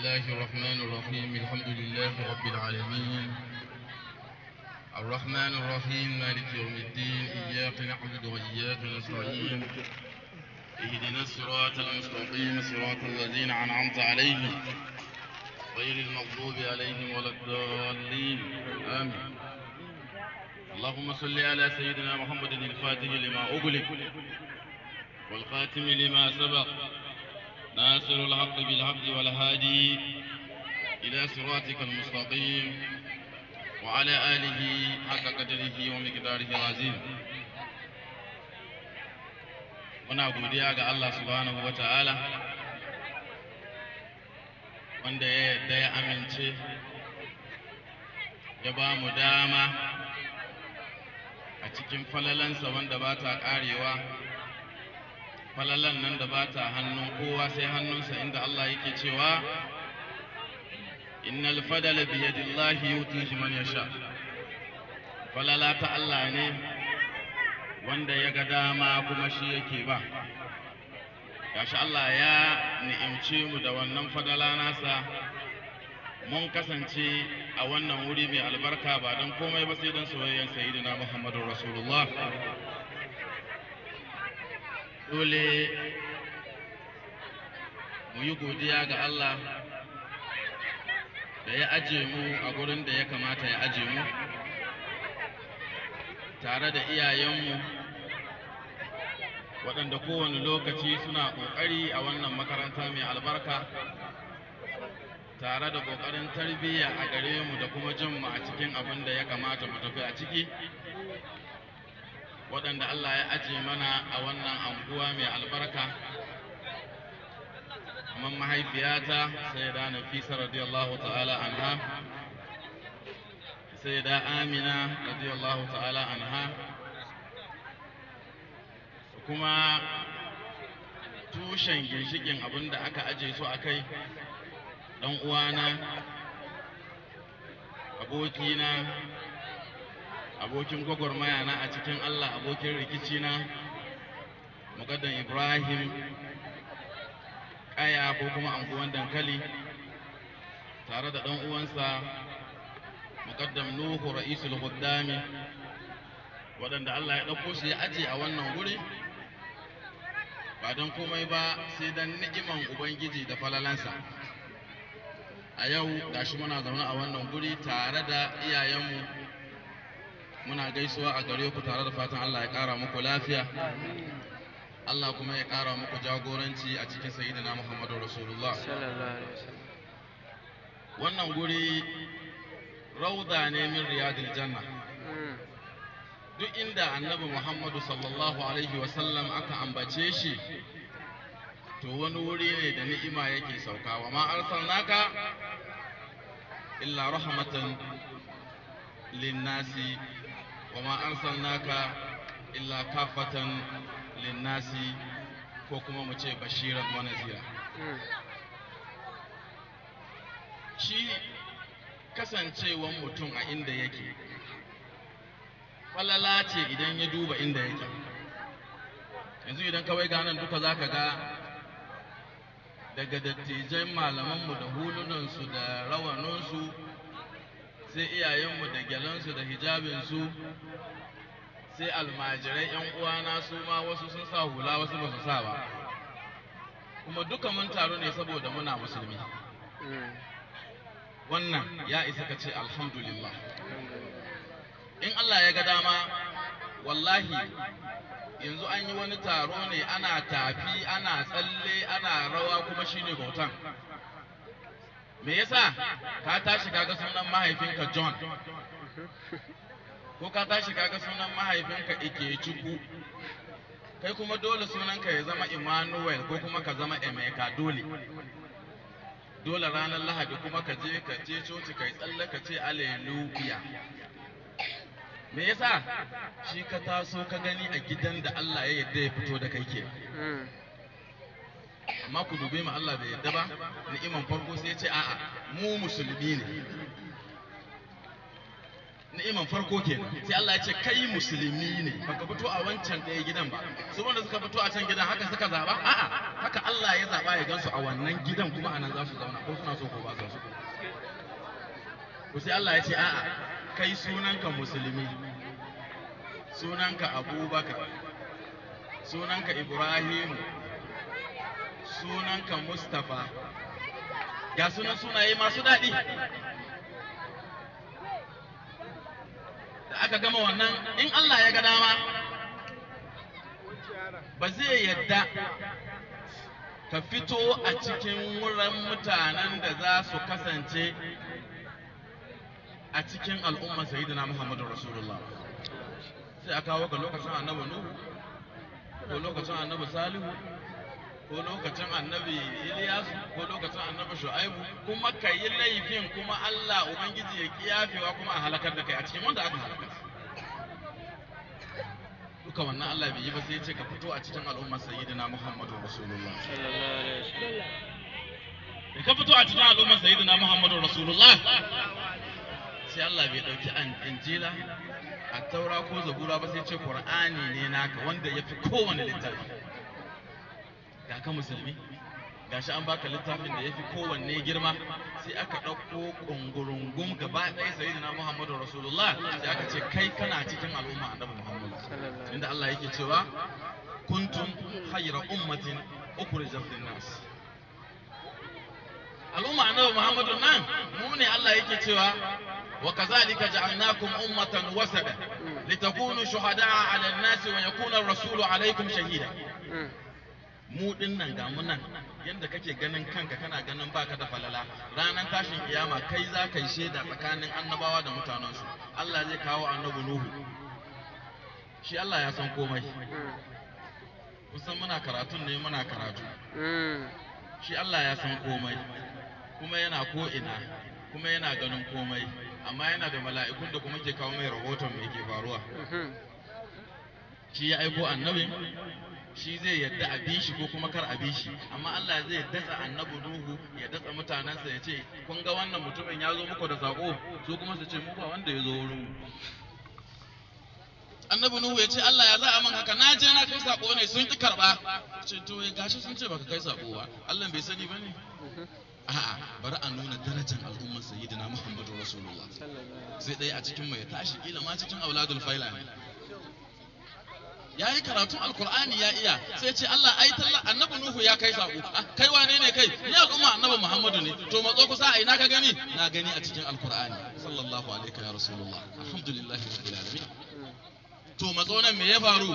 الله الرحمن الرحيم الحمد لله رب العالمين الرحمن الرحيم مالك يوم الدين إياك نعبد وإياك نستعين اهدنا الصراط المستقيم صراط الذين أنعمت عليهم غير المغضوب عليهم ولا الضالين آمين اللهم صل على سيدنا محمد الفاتح لما أغلق والخاتم لما سبق ناصر الحق بالحق والهادي إلى صراطك المستقيم وعلى آله حق قدره ومقداره العظيم muna godiya ga Allah subhanahu wa ta'ala wanda ya yarda ya amince ya ba mu dama a cikin falalansa wanda ba ta ƙarewa falalan nan da ba ta hannun kowa sai hannunsa inda Allah yake cewa innal fadala bi yadillahi yutihi man yasha falala ta Allah ne wanda ya ga dama kuma shi yake ba gashi Allah ya ni'imce mu da wannan fadala nasa mun kasance a wannan wuri mai albarka ba don komai ba sai don soyayyen na Muhammadu Rasulullah dole mu yi godiya ga Allah da ya aje mu a gurin da ya kamata ya aje mu tare da iyayenmu waɗanda kowane lokaci suna ƙoƙari a wannan makaranta mai albarka tare da ƙoƙarin tarbiyya a gare mu da kuma jin mu a cikin abin da ya kamata mu tafi a ciki waɗanda Allah ya aje mana a wannan anguwa mai albarka kamar mahaifiyata sai da nafisa radiyallahu ta'ala anha sai da amina radiyallahu ta'ala anha kuma tushen ginshikin abin da aka aje su a kai ɗan uwana abokina abokin gwagwarmaya na a cikin Allah abokin rikici na mukaddan Ibrahim kaya ko kuma anguwan dankali tare da ɗan uwansa mukaddam Nuhu ra'isul huddami waɗanda Allah ya ɗauko su ya aje a wannan guri ba don komai ba sai dan ni'iman Ubangiji da falalansa a yau gashi muna zaune a wannan guri tare da iyayenmu muna gaisuwa a gare ku tare da fatan Allah ya ƙara muku lafiya Allah kuma ya ƙara muku jagoranci a cikin sayyidina Muhammadu Rasulullah wannan guri rauda ne min riyadil janna hmm. duk inda annabi Muhammadu sallallahu alaihi wasallam aka ambace shi to wani wuri ne da ni'ima yake sauka wa ma arsalnaka illa rahmatan linnasi wama arsalnaka illa kafatan linnasi ko kuma mu ce bashiran wa shi kasancewan mutum a inda yake falala ce idan ya duba inda yake yanzu idan kawai ganan duka za ka ga daga dattijan malamanmu da hulunansu da rawaninsu sai iyayenmu da gyalansu da hijabinsu sai almajirai yan uwana su ma wasu sun sa hula wasu ba su sa ba kuma duka mun taru ne saboda muna musulmi wannan ya isa ka ce alhamdulillah in Allah ya ga dama wallahi yanzu an yi wani taro ne ana tafi ana tsalle ana rawa kuma shine bautan me yasa ka tashi kaga sunan mahaifinka john ko ka tashi kaga sunan mahaifinka ikechukwu kai kuma dole sunanka ya zama emmanuel ko kuma ka zama emeka dole dole ranar lahadi kuma ka je ka je coci kai tsalle ka ce alleluia me yasa shi ka taso ka gani a gidan da allah ya yarda ya fito da kai ke amma ku dube mu Allah bai yarda ba ni'iman farko sai ya ce a'a mu musulmi ne ni'iman farko kenan sai Allah ya ce kai musulmi ne baka fito a wancan ɗaya gidan ba su wanda suka fito a can gidan haka suka zaba a'a haka Allah ya zaba ya gansu a wannan gidan kuma anan za su zauna ko suna so ko ba su ku sai Allah ya ce a'a kai sunanka musulmi sunanka Abubakar sunanka Ibrahim sunanka Mustapha ga sunan sunaye masu daɗi da aka gama wannan in Allah ya ga dama ba zai yadda ka fito a cikin wurin mutanen da za su kasance a cikin al'ummar sayyidina Muhammadu Rasulullah sai a kawo ga lokacin annabi Nuhu ko lokacin annabi Salihu ko lokacin annabi Iliyasu ko lokacin annabi Shu'aibu kuma ka yi laifin kuma Allah Ubangiji ya kiyafewa kuma a halakar da kai a cikin wanda aka halaka duka wannan Allah bai yi ba sai ya ce ka fito a cikin al'ummar sayyidina Muhammadu Rasulullah da ka fito a cikin al'ummar sayyidina Muhammadu Rasulullah sai Allah bai dauki an injila a taura ko zabura ba sai ce Qur'ani ne naka wanda yafi kowane littafi ga ka musulmi gashi an baka littafin da ya fi kowanne girma sai aka ɗauko ƙungurungun gaba ɗaya sai na muhammadu rasulullah sai aka ce kai kana cikin al'umma annabi muhammadu inda allah yake cewa kuntum khayra ummatin ukhrijat lin-nas al'umma annabi muhammadu nan mu ne allah yake cewa wa وكذلك جعلناكم أمة وسدا لتكونوا شهداء على الناس ويكون الرسول عليكم shahida. mu din nan ga nan yadda kake ganin kanka kana ganin baka da falala ranar tashin kiyama kai za ka yi shaida tsakanin annabawa da mutanensu Allah zai kawo annabi Nuhu shi Allah ya san komai kusan muna karatun ne muna karatu mm. shi Allah ya san komai kuma yana ko ina kuma yana ganin komai amma yana da mala'ikun da kuma ke kawo mai rahoton mai ke faruwa mm-hmm. shi ya aiko annabin shi zai yadda a bi shi ko kuma kar a bi shi amma Allah zai datsa annabi Nuhu ya datsa mutanensa ya ce kun ga wannan mutumin ya zo muku da sako su kuma su ce mu ba wanda ya zo wurin annabi Nuhu ya ce Allah ya za a man haka na je na kai sako ne sun ki karba ce to gashi sun ce baka kai sako ba Allah bai sani bane a'a bari a nuna darajar al'ummar sayyidina Muhammadu Rasulullah sai dai a cikin mai tashi kila ma cikin auladul faila ne ya yi karatun alkur'ani ya iya sai ce Allah ai talla annabi nuhu ya kai sako ah, kai wane ne kai ni al'umma annabi muhammadu ne to matso kusa a ina ka gani na gani a cikin alkur'ani sallallahu alaihi ya rasulullah alhamdulillahi rabbil alamin to matso nan me ya faru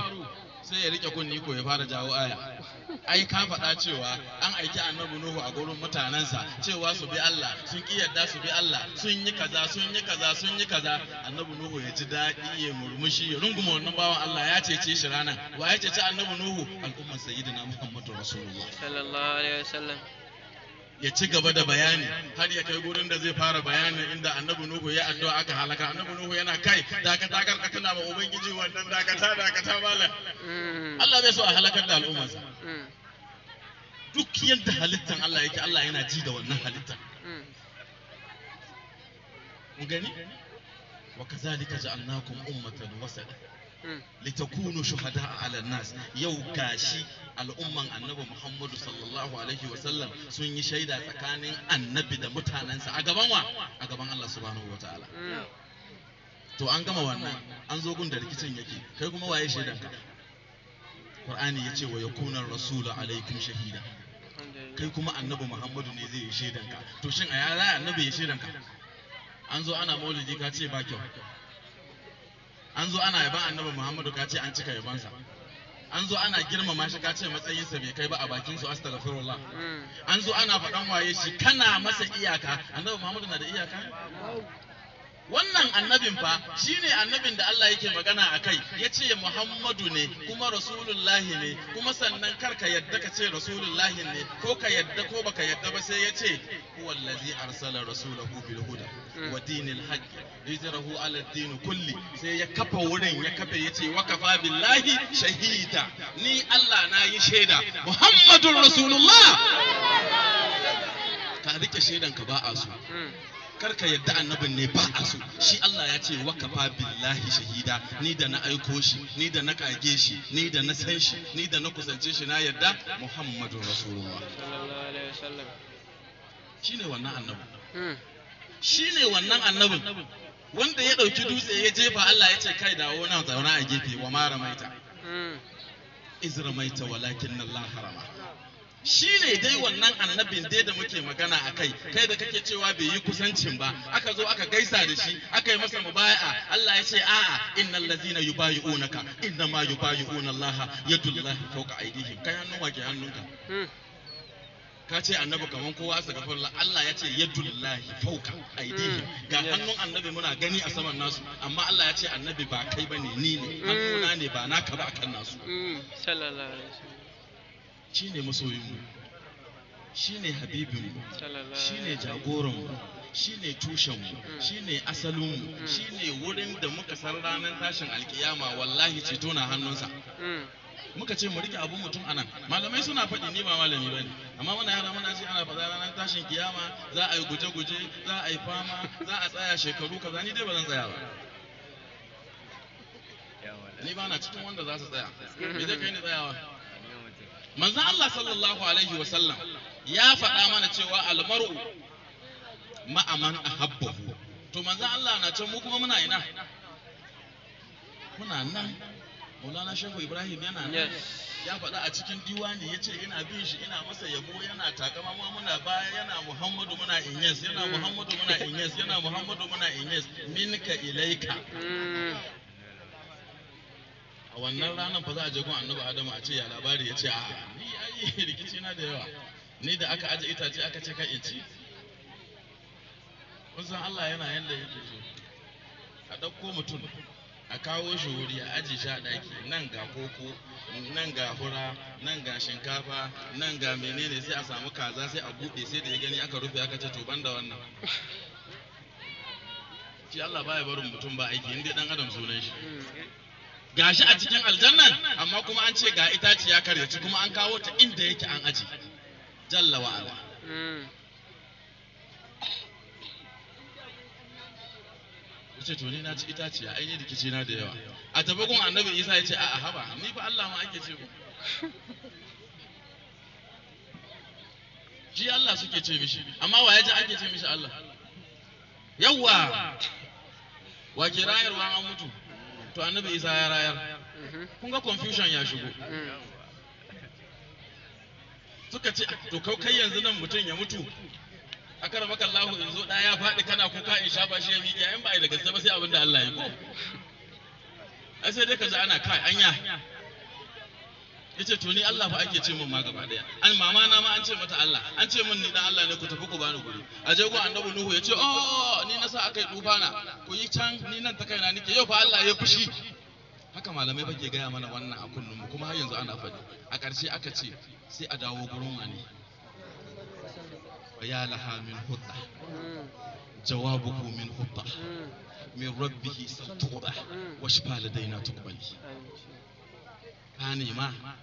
sai ya rike kunni ko ya fara jawo aya ai ka faɗa cewa an aiki annabi nuhu a gurin mutanensa cewa su bi Allah sun ki yadda su bi Allah sun yi kaza sun yi kaza sun yi kaza annabi nuhu ya ji daɗi ya murmushi ya runguma wannan bawan Allah ya cece shi ranar wa ya cece annabi nuhu al'ummar sayyidina muhammadu rasulullah sallallahu alaihi wasallam ya ci gaba da bayani har ya kai gurin da zai fara bayani inda annabi nuhu ya addu'a aka halaka annabi nuhu yana kai dakata kar ka tuna ma ubangiji wannan dakata dakata mala mm. Allah bai so a halakar da al'ummarsa mm. duk yadda halittan Allah yake Allah yana ji da wannan halittan mm. mu gani wa kazalika ja'alnakum ummatan wasata litakunu shuhada ala nas yau gashi al'umman annabi Muhammadu sallallahu alaihi wa sallam sun yi shaida tsakanin annabi da mutanensa a gaban wa a gaban Allah subhanahu wa ta'ala to an gama wannan an zo gun da rikicin yake kai kuma waye shaidan ka Qur'ani ya ce wa yakuna rasulu alaikum shahida kai kuma annabi Muhammadu ne zai yi shaidan ka to shin a yaya annabi ya shaidan ka an zo ana maulidi ka ce ba kyau an zo ana yaban annabi muhammadu ka ce an cika yabansa an zo ana girmama shi ka ce matsayinsa bai kai ba a bakin su astaghfirullah mm. an zo ana faɗan waye shi kana masa iyaka annabi muhammadu na da iyaka wannan annabin fa shi ne annabin da Allah yake magana a kai ya ce Muhammadu ne kuma Rasulullahi ne kuma sannan kar ka yadda ka ce Rasulullahi ne ko ka yadda ko baka yadda ba sai ya ce huwallazi arsala rasulahu bil huda wa dinil haqq yuzrahu ala din kulli sai ya kafa wurin ya kafa ya ce wa kafa billahi shahida ni Allah na yi shaida Muhammadun Rasulullah ka rike shaidan ka ba a so hmm. karka yadda annabin ne ba a so shi Allah ya ce wakafa billahi shahida ni da na aiko shi ni da na kage shi ni da na san shi ni da na kusance shi na yadda Muhammadu Rasulullah shine wannan annabin hmm. ne wannan annabin wanda ya dauki dutse ya jefa Allah ya ce kai dawo nan zauna a gefe wa mara maita, hmm. iz ramaita walakin Allah harama shi ne dai wannan annabin dai da muke magana a kai kai da kake cewa bai yi kusancin ba aka zo aka gaisa da shi aka yi masa mubaya'a Allah ya ce a'a innal ladzina yubayi'unaka inna ma yubayi'una Allah yadullahi fawqa aydihim kai hannun wake hannunka hmm. ka ce annabi kaman kowa asa farla? Allah ya ce yadullahi fawqa aydihim hmm. ga hannun annabi muna gani a saman nasu amma Allah ya ce annabi ba kai bane ni ne hmm. hannuna ne ba naka ba kan nasu sallallahu alaihi wasallam shi ne masoyinmu shi ne habibinmu shi ne jagoranmu shi ne tushenmu hmm. shi ne asalinmu hmm. shi ne wurin da muka san ranar tashin alkiyama wallahi ceto na hannunsa hmm. muka ce mu rike abun mutum anan malamai suna faɗi ni ba malami bane amma muna yara muna ji ana faɗa ranar tashin kiyama za a yi guje-guje za a yi fama za a tsaya shekaru kaza ni dai ba zan tsaya ba ni ba na cikin wanda za su tsaya me zai kai ni tsayawa manzo Allah sallallahu alaihi wasallam ya faɗa mana cewa almar'u ma'aman ahabbahu to manzo Allah na can mu kuma muna ina muna nan Maulana Shehu Ibrahim yana nan ya faɗa a cikin diwani ya ce ina bin shi ina masa yabo yana takama ma muna baya yana Muhammadu muna inyas mm. yana Muhammadu muna inyas yana Muhammadu muna inyas minka ilaika mm. a wannan ranar fa za a je gun annabi adamu a ce ya labari ya ce a ni ai rikici na da yawa ni da aka aje itace aka ce kan ci san Allah yana yanda yake so a dauko mutum a kawo shi wuri a aji shi a daki nan ga koko nan ga hura nan ga shinkafa nan ga menene sai a samu kaza sai a buɗe sai da ya gani aka rufe aka ce to banda wannan shi Allah baya barin mutum ba aiki inda dan adam sunan shi hmm. gashi a cikin aljannan amma kuma an ce ga itaci ya karyaci kuma an kawo ta inda yake an aji jalla wa ala hmm. yace to ni na ci itaciya ai ainihin rikici na da yawa a tabakun annabi Isa ya ce a'a haba ni fa Allah ma ake ce ku ji Allah suke ce mishi amma wa yaji ake ce mishi Allah yawwa wa ke rayarwa an mutu to annabi isa ya rayar kun ga confusion ya shigo suka ce to kau kai yanzu nan mutum ya mutu a kara maka Allah in zo ɗaya faɗi kana kuka in sha ba shi ya miƙa in ba a da gaske ba sai abin da Allah ya ko ai sai dai ka ji ana kai anya yace to ni Allah fa ake ce min ma gaba daya an mama na ma an ce mata Allah an ce min ni dan Allah ne ku tafi ku bani guri a je go annabi nuhu yace oh, oh, oh ni na sa akai na, ku yi can ni nan ta kaina nike yau fa Allah ya fushi haka malamai bake gaya mana wannan a kullum kuma har yanzu ana faɗi a ƙarshe aka ce sai a dawo gurin wani ya laha min hutta jawabuku min hutta min rabbihi satuda wa shifa ladaina tuqbali ka ma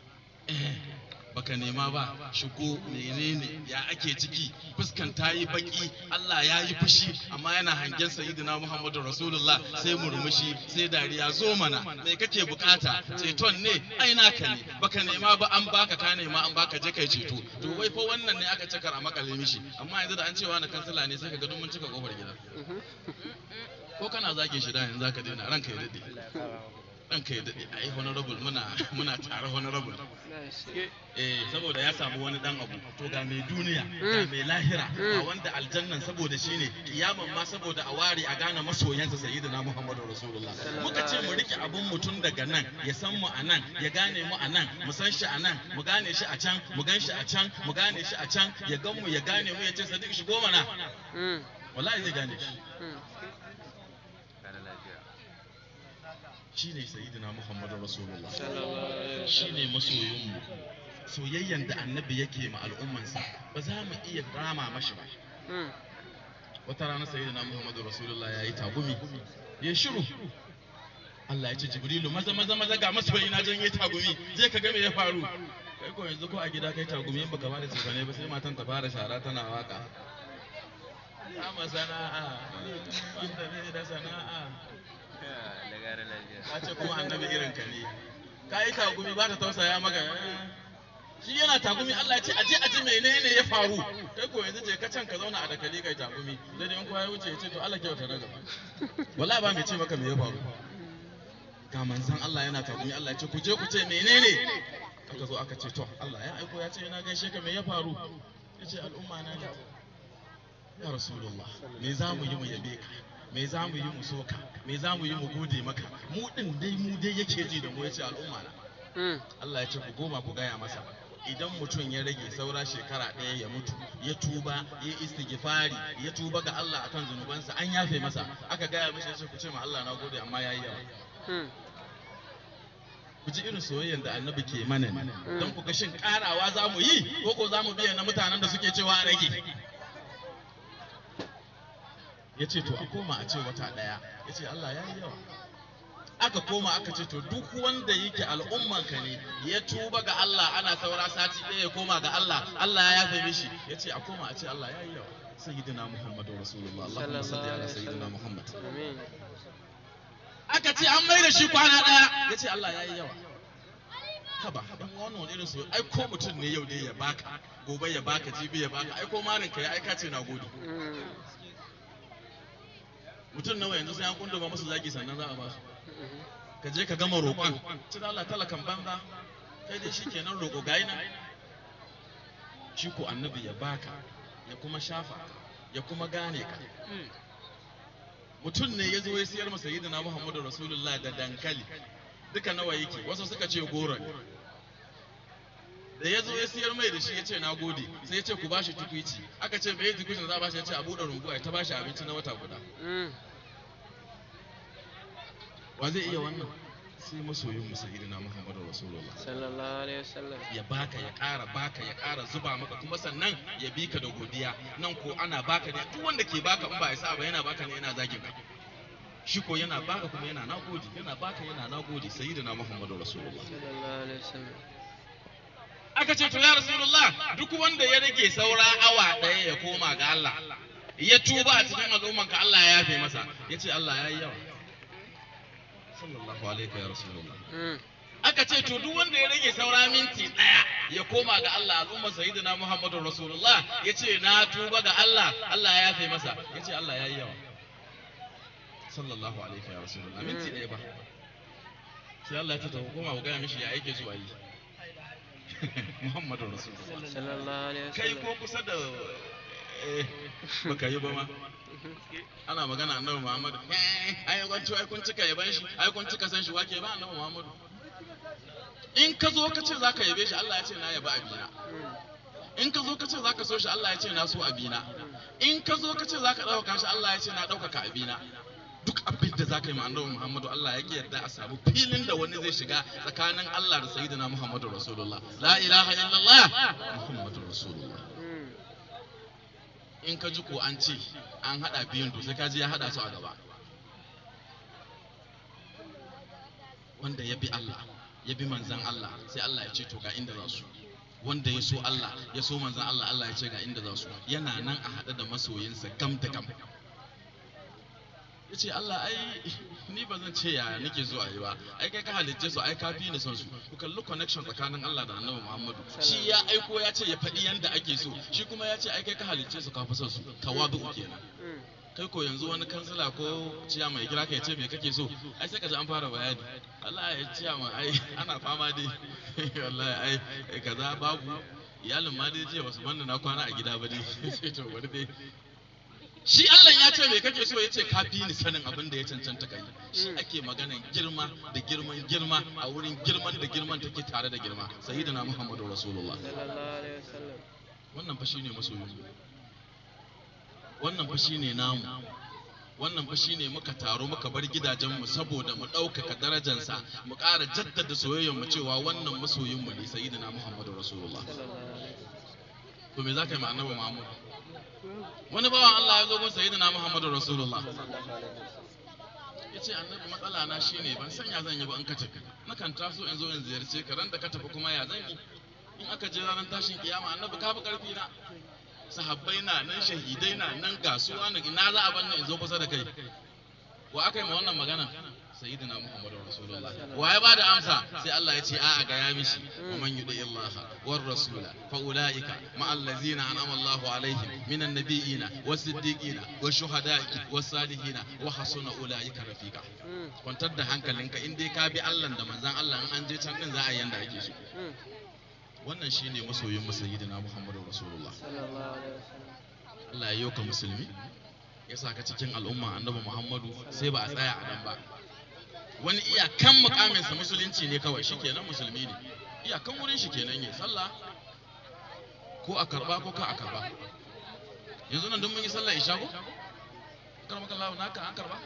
baka nema ba shigo menene ya ake ciki fuskan ta yi baki Allah ya yi fushi amma yana hangen sayyidina Muhammadu Rasulullah sai murmushi sai dariya zo mana me kake bukata ceton ne ai ka ne baka nema ba an baka ka nema an baka je kai ceto to wai fa wannan ne aka cakar a makale mishi amma yanzu da an cewa na kansila ne sai ka ga mun cika kofar gida mm-hmm. ko kana zage shi da yanzu zaka daina ranka ya dade ranka ya daɗe ai honorable muna muna tare honorable eh saboda ya samu wani ɗan abu to ga mai duniya ga mm. mai lahira a mm. wanda aljannan saboda shine kiyaman ma saboda a ware a gane masoyansa sayyidina muhammadu rasulullah muka ce mu rike abun mutum daga nan ya san mu a nan ya gane mu a nan mu san shi a nan mu gane shi a can mu gan shi a can mu gane shi a can ya gan mu ya gane mu ya ce sadiq shigo mana mm. wallahi zai gane shi shi ne sayidina muhammadu rasulullah shi ne masoyinmu soyayyan da annabi yake ma al'ummansa ba za mu iya rama mashi ba hmm. wata rana sayidina muhammadu rasulullah ya yi tagumi ya shiru Allah ya ce jibrilu maza maza maza ga masoyi na janye tagumi je ka game ya faru kai ko yanzu ko a gida kai tagumi in baka bada ne ba sai matan ta fara shara tana waka ama sana'a wanda ne da sana'a gara lafiya ka ce kuma annabi irin ka ne ka yi ba ta tausaya maka shi yana tagumi Allah ya ce aje aje menene ya faru kai ko yanzu je ka can ka zauna a dakali kai in ya wuce ya ce to Allah kyauta na wallahi ba mai ce maka me ya faru ga manzon Allah yana tagumi Allah ya ce ku je ku ce menene aka zo aka ce to Allah ya aiko ya ce yana gaishe ka me ya faru ya ce al'umma na ne ya rasulullah me za mu yi mu yabe ka me za mu yi mu soka me za mu yi mu gode maka mu din dai mu dai yake ji da mu yace al'umma na hmm. Allah ya ce ku goma ku gaya masa idan mutum ya rage saura shekara ɗaya ya mutu ya tuba ya istighfari ya tuba ga Allah akan zunubansa an yafe masa aka gaya mishi ce ku ce ma Allah na gode amma yayi yawa hmm. ku ji irin soyayyar da annabi ke mana hmm. don ku ga shin karawa za mu yi ko ko za mu biya na mutanen da suke cewa rage ya ce to a koma a ce wata ɗaya ya ce Allah ya yi yawa aka koma aka ce to duk wanda yake al'ummanka ne ya tuba ga Allah ana saura sati ɗaya ya koma ga Allah Allah ya yafe mishi ya ce a koma a ce Allah ya yi yawa sayyidina Muhammadu Rasulullah Allahumma salli ala sayyidina Muhammad aka ce an mai da shi kwana ɗaya ya ce Allah ya yi yawa haba haba wani wani irin su ai ko mutum ne yau ne ya baka gobe ya baka jibi ya baka ai ko marinka ya aika ce na gode mm. mutum nawa yanzu sai an ba musu zaki sannan za a ba su ka je ka gama roƙon cin Allah talakan banza kai dai shi kenan roƙo gayi nan shi ko annabi ya baka ya kuma shafa ya kuma gane ka mutum ne ya zo ya siyar masa yidina Muhammadu Rasulullah da dankali duka nawa yake wasu suka ce goro ne da ya zo ya siyar mai da shi ya ce na gode sai ya ce ku bashi tukwici aka ce me tukwicin za a bashi ya ce a buɗe rumbu a ta bashi abinci na wata guda mm. wa zai iya wannan sai masoyin iri na Muhammadu Rasulullah sallallahu alaihi wasallam ya baka ya kara baka ya kara zuba maka kuma sannan ya bi ka da godiya nan ko ana baka ne duk wanda ke baka in ba isa ba yana baka ne yana zagin ka shi ko yana baka kuma yana nagode yana baka yana nagode sayyidina Muhammadu Rasulullah sallallahu alaihi wasallam aka ce to ya rasulullah duk wanda ya rage saura awa ɗaya ya koma ga Allah ya tuba a cikin al'umman ka Allah ya yafe masa ya ce Allah ya yi yawa sallallahu alaihi ya rasulullah hmm. aka ce to duk wanda ya rage saura minti ɗaya ya koma ga Allah al'umma sayyidina Muhammadu rasulullah ya ce na tuba ga Allah Allah ya yafe masa ya ce Allah ya yi yawa sallallahu alaihi ya rasulullah minti hmm. ɗaya ba sai Allah ya ta koma ku gaya mishi ya yake zuwa yi muhammadu rasulullah kai ko kusa da eh, baka yi ba ma ana magana annabi muhammadu eh, ai kun ci ai kun cika yaban shi ai kun cika san shi wake ba annabi muhammadu in ka zo ka ce zaka yabe shi Allah ya ce na yaba abina in ka zo ka ce zaka so shi Allah ya ce na so abina in ka zo ka ce zaka dauka shi Allah ya ce na dauka ka abina duk abin da ka yi ma annabi Muhammadu Allah yake yarda a samu filin da wani zai shiga tsakanin Allah da sayyidina Muhammadu Rasulullah la ilaha illallah Muhammadu Rasulullah in ka ji ko an ce an hada biyun to sai ka ji ya hada su a gaba wanda ya bi Allah ya bi manzan Allah sai Allah ya ce to ga inda za su wanda ya so Allah ya so manzan Allah Allah ya ce ga inda za su yana nan a haɗe da masoyinsa gam da gam ya ce Allah ai ni ba zan ce ya nake zuwa yi ba ai kai ka halicce su ai ka fi ni son su ku kalli connection tsakanin Allah da Annabi Muhammadu shi ya aiko ya ce ya faɗi yanda ake so shi kuma ya ce ai kai ka halicce su ka fi son su tawadu kenan kai ko yanzu wani kansila ko ciya mai kira ka ce me kake so ai sai ka ji an fara bayani Allah ya ciya ma ai ana fama dai wallahi ai kaza babu iyalin ma dai jiya wasu banda na kwana a gida ba dai sai to wani dai shi Allah ya ce me kake so ya ce ka fi ni sanin abin da ya cancanta kai shi ake maganar girma da girman girma a wurin girman da girman take tare da girma sayyidina Muhammadu Rasulullah wannan fa shine masoyin wannan fa shine namu wannan fa shine muka taro muka bar mu saboda mu ɗaukaka darajansa mu ƙara jaddada soyayyar mu cewa wannan masoyinmu ne sayyidina Muhammadu Rasulullah to me zaka yi ma annabi Muhammad wani bawa Allah ya zo gun na Muhammadu Rasulullah yace annabi matsala na shi ne ban sanya zan yi ba in ka tafi nakan taso in zo in ziyarci, ka ran da ka tafi kuma ya zan yi in aka je ranar tashin kiyama annabi ka fi karfi na sahabbai na nan shahidai na nan gasuwa na ina za a banna in zo kusa da kai wa aka yi ma wannan magana sayyidina muhammadu rasulullah waye ba da amsa sai Allah ya ce a'a ga ya mishi wa man yudi illaha war rasula fa ulaika ma allazina an'ama Allahu alaihim minan nabiyina shuhada'i wa hasuna ulaika rafiqa kwantar da hankalinka in dai ka bi Allah da manzon Allah in an je can din za a yanda ake so wannan shine masoyin masayyidina muhammadu rasulullah Allah ya yoka musulmi ya saka cikin al'umma annabi Muhammadu sai ba a tsaya a nan ba wani iyakan mukaminsa musulunci ne kawai shi kenan musulmi ne iyakan wurin shi kenan ya sallah ko a karba ko ka a karba yanzu nan don mun yi sallah isha ko karmaka lawo naka an karba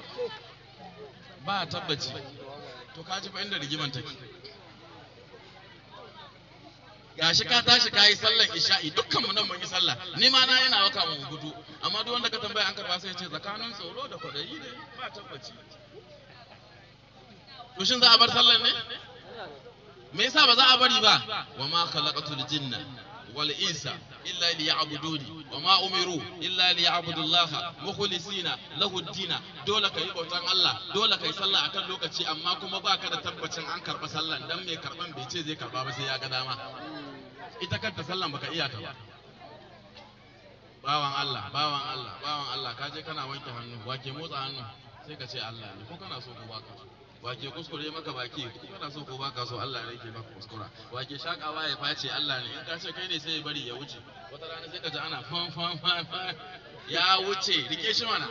ba tabbaci to ka ji fa'in da rigiman take shi ka tashi ka yi sallan isha'i dukkan mu nan mun yi sallah ni ma na yana waka mun gudu amma duk wanda ka tambaya an karba sai ya ce tsakanin tsoro da kwadayi ne ba tabbaci to shin za a bar sallar ne me yasa ba za a bari ba wa ma khalaqatul jinna wal insa illa liya'buduni wa ma umiru illa liya'budullaha mukhlisina lahu dina dole kai bautan Allah dole kai sallah akan lokaci amma kuma ba ka da tabbacin an karba sallan dan mai karban bai ce zai karba ba sai ya ga dama ita kanta sallan baka iya ta ba bawan Allah bawan Allah bawan Allah kaje kana wanke hannu wake motsa hannu sai ka ce Allah ne ko kana so ko baka wake kuskure maka baki kana so ko baka so Allah ne yake maka kuskura wake shakawa ya face Allah ne in ka ce kai ne sai ya bari ya wuce wata rana sai ka ji ana fan fan fan ya wuce rike shi mana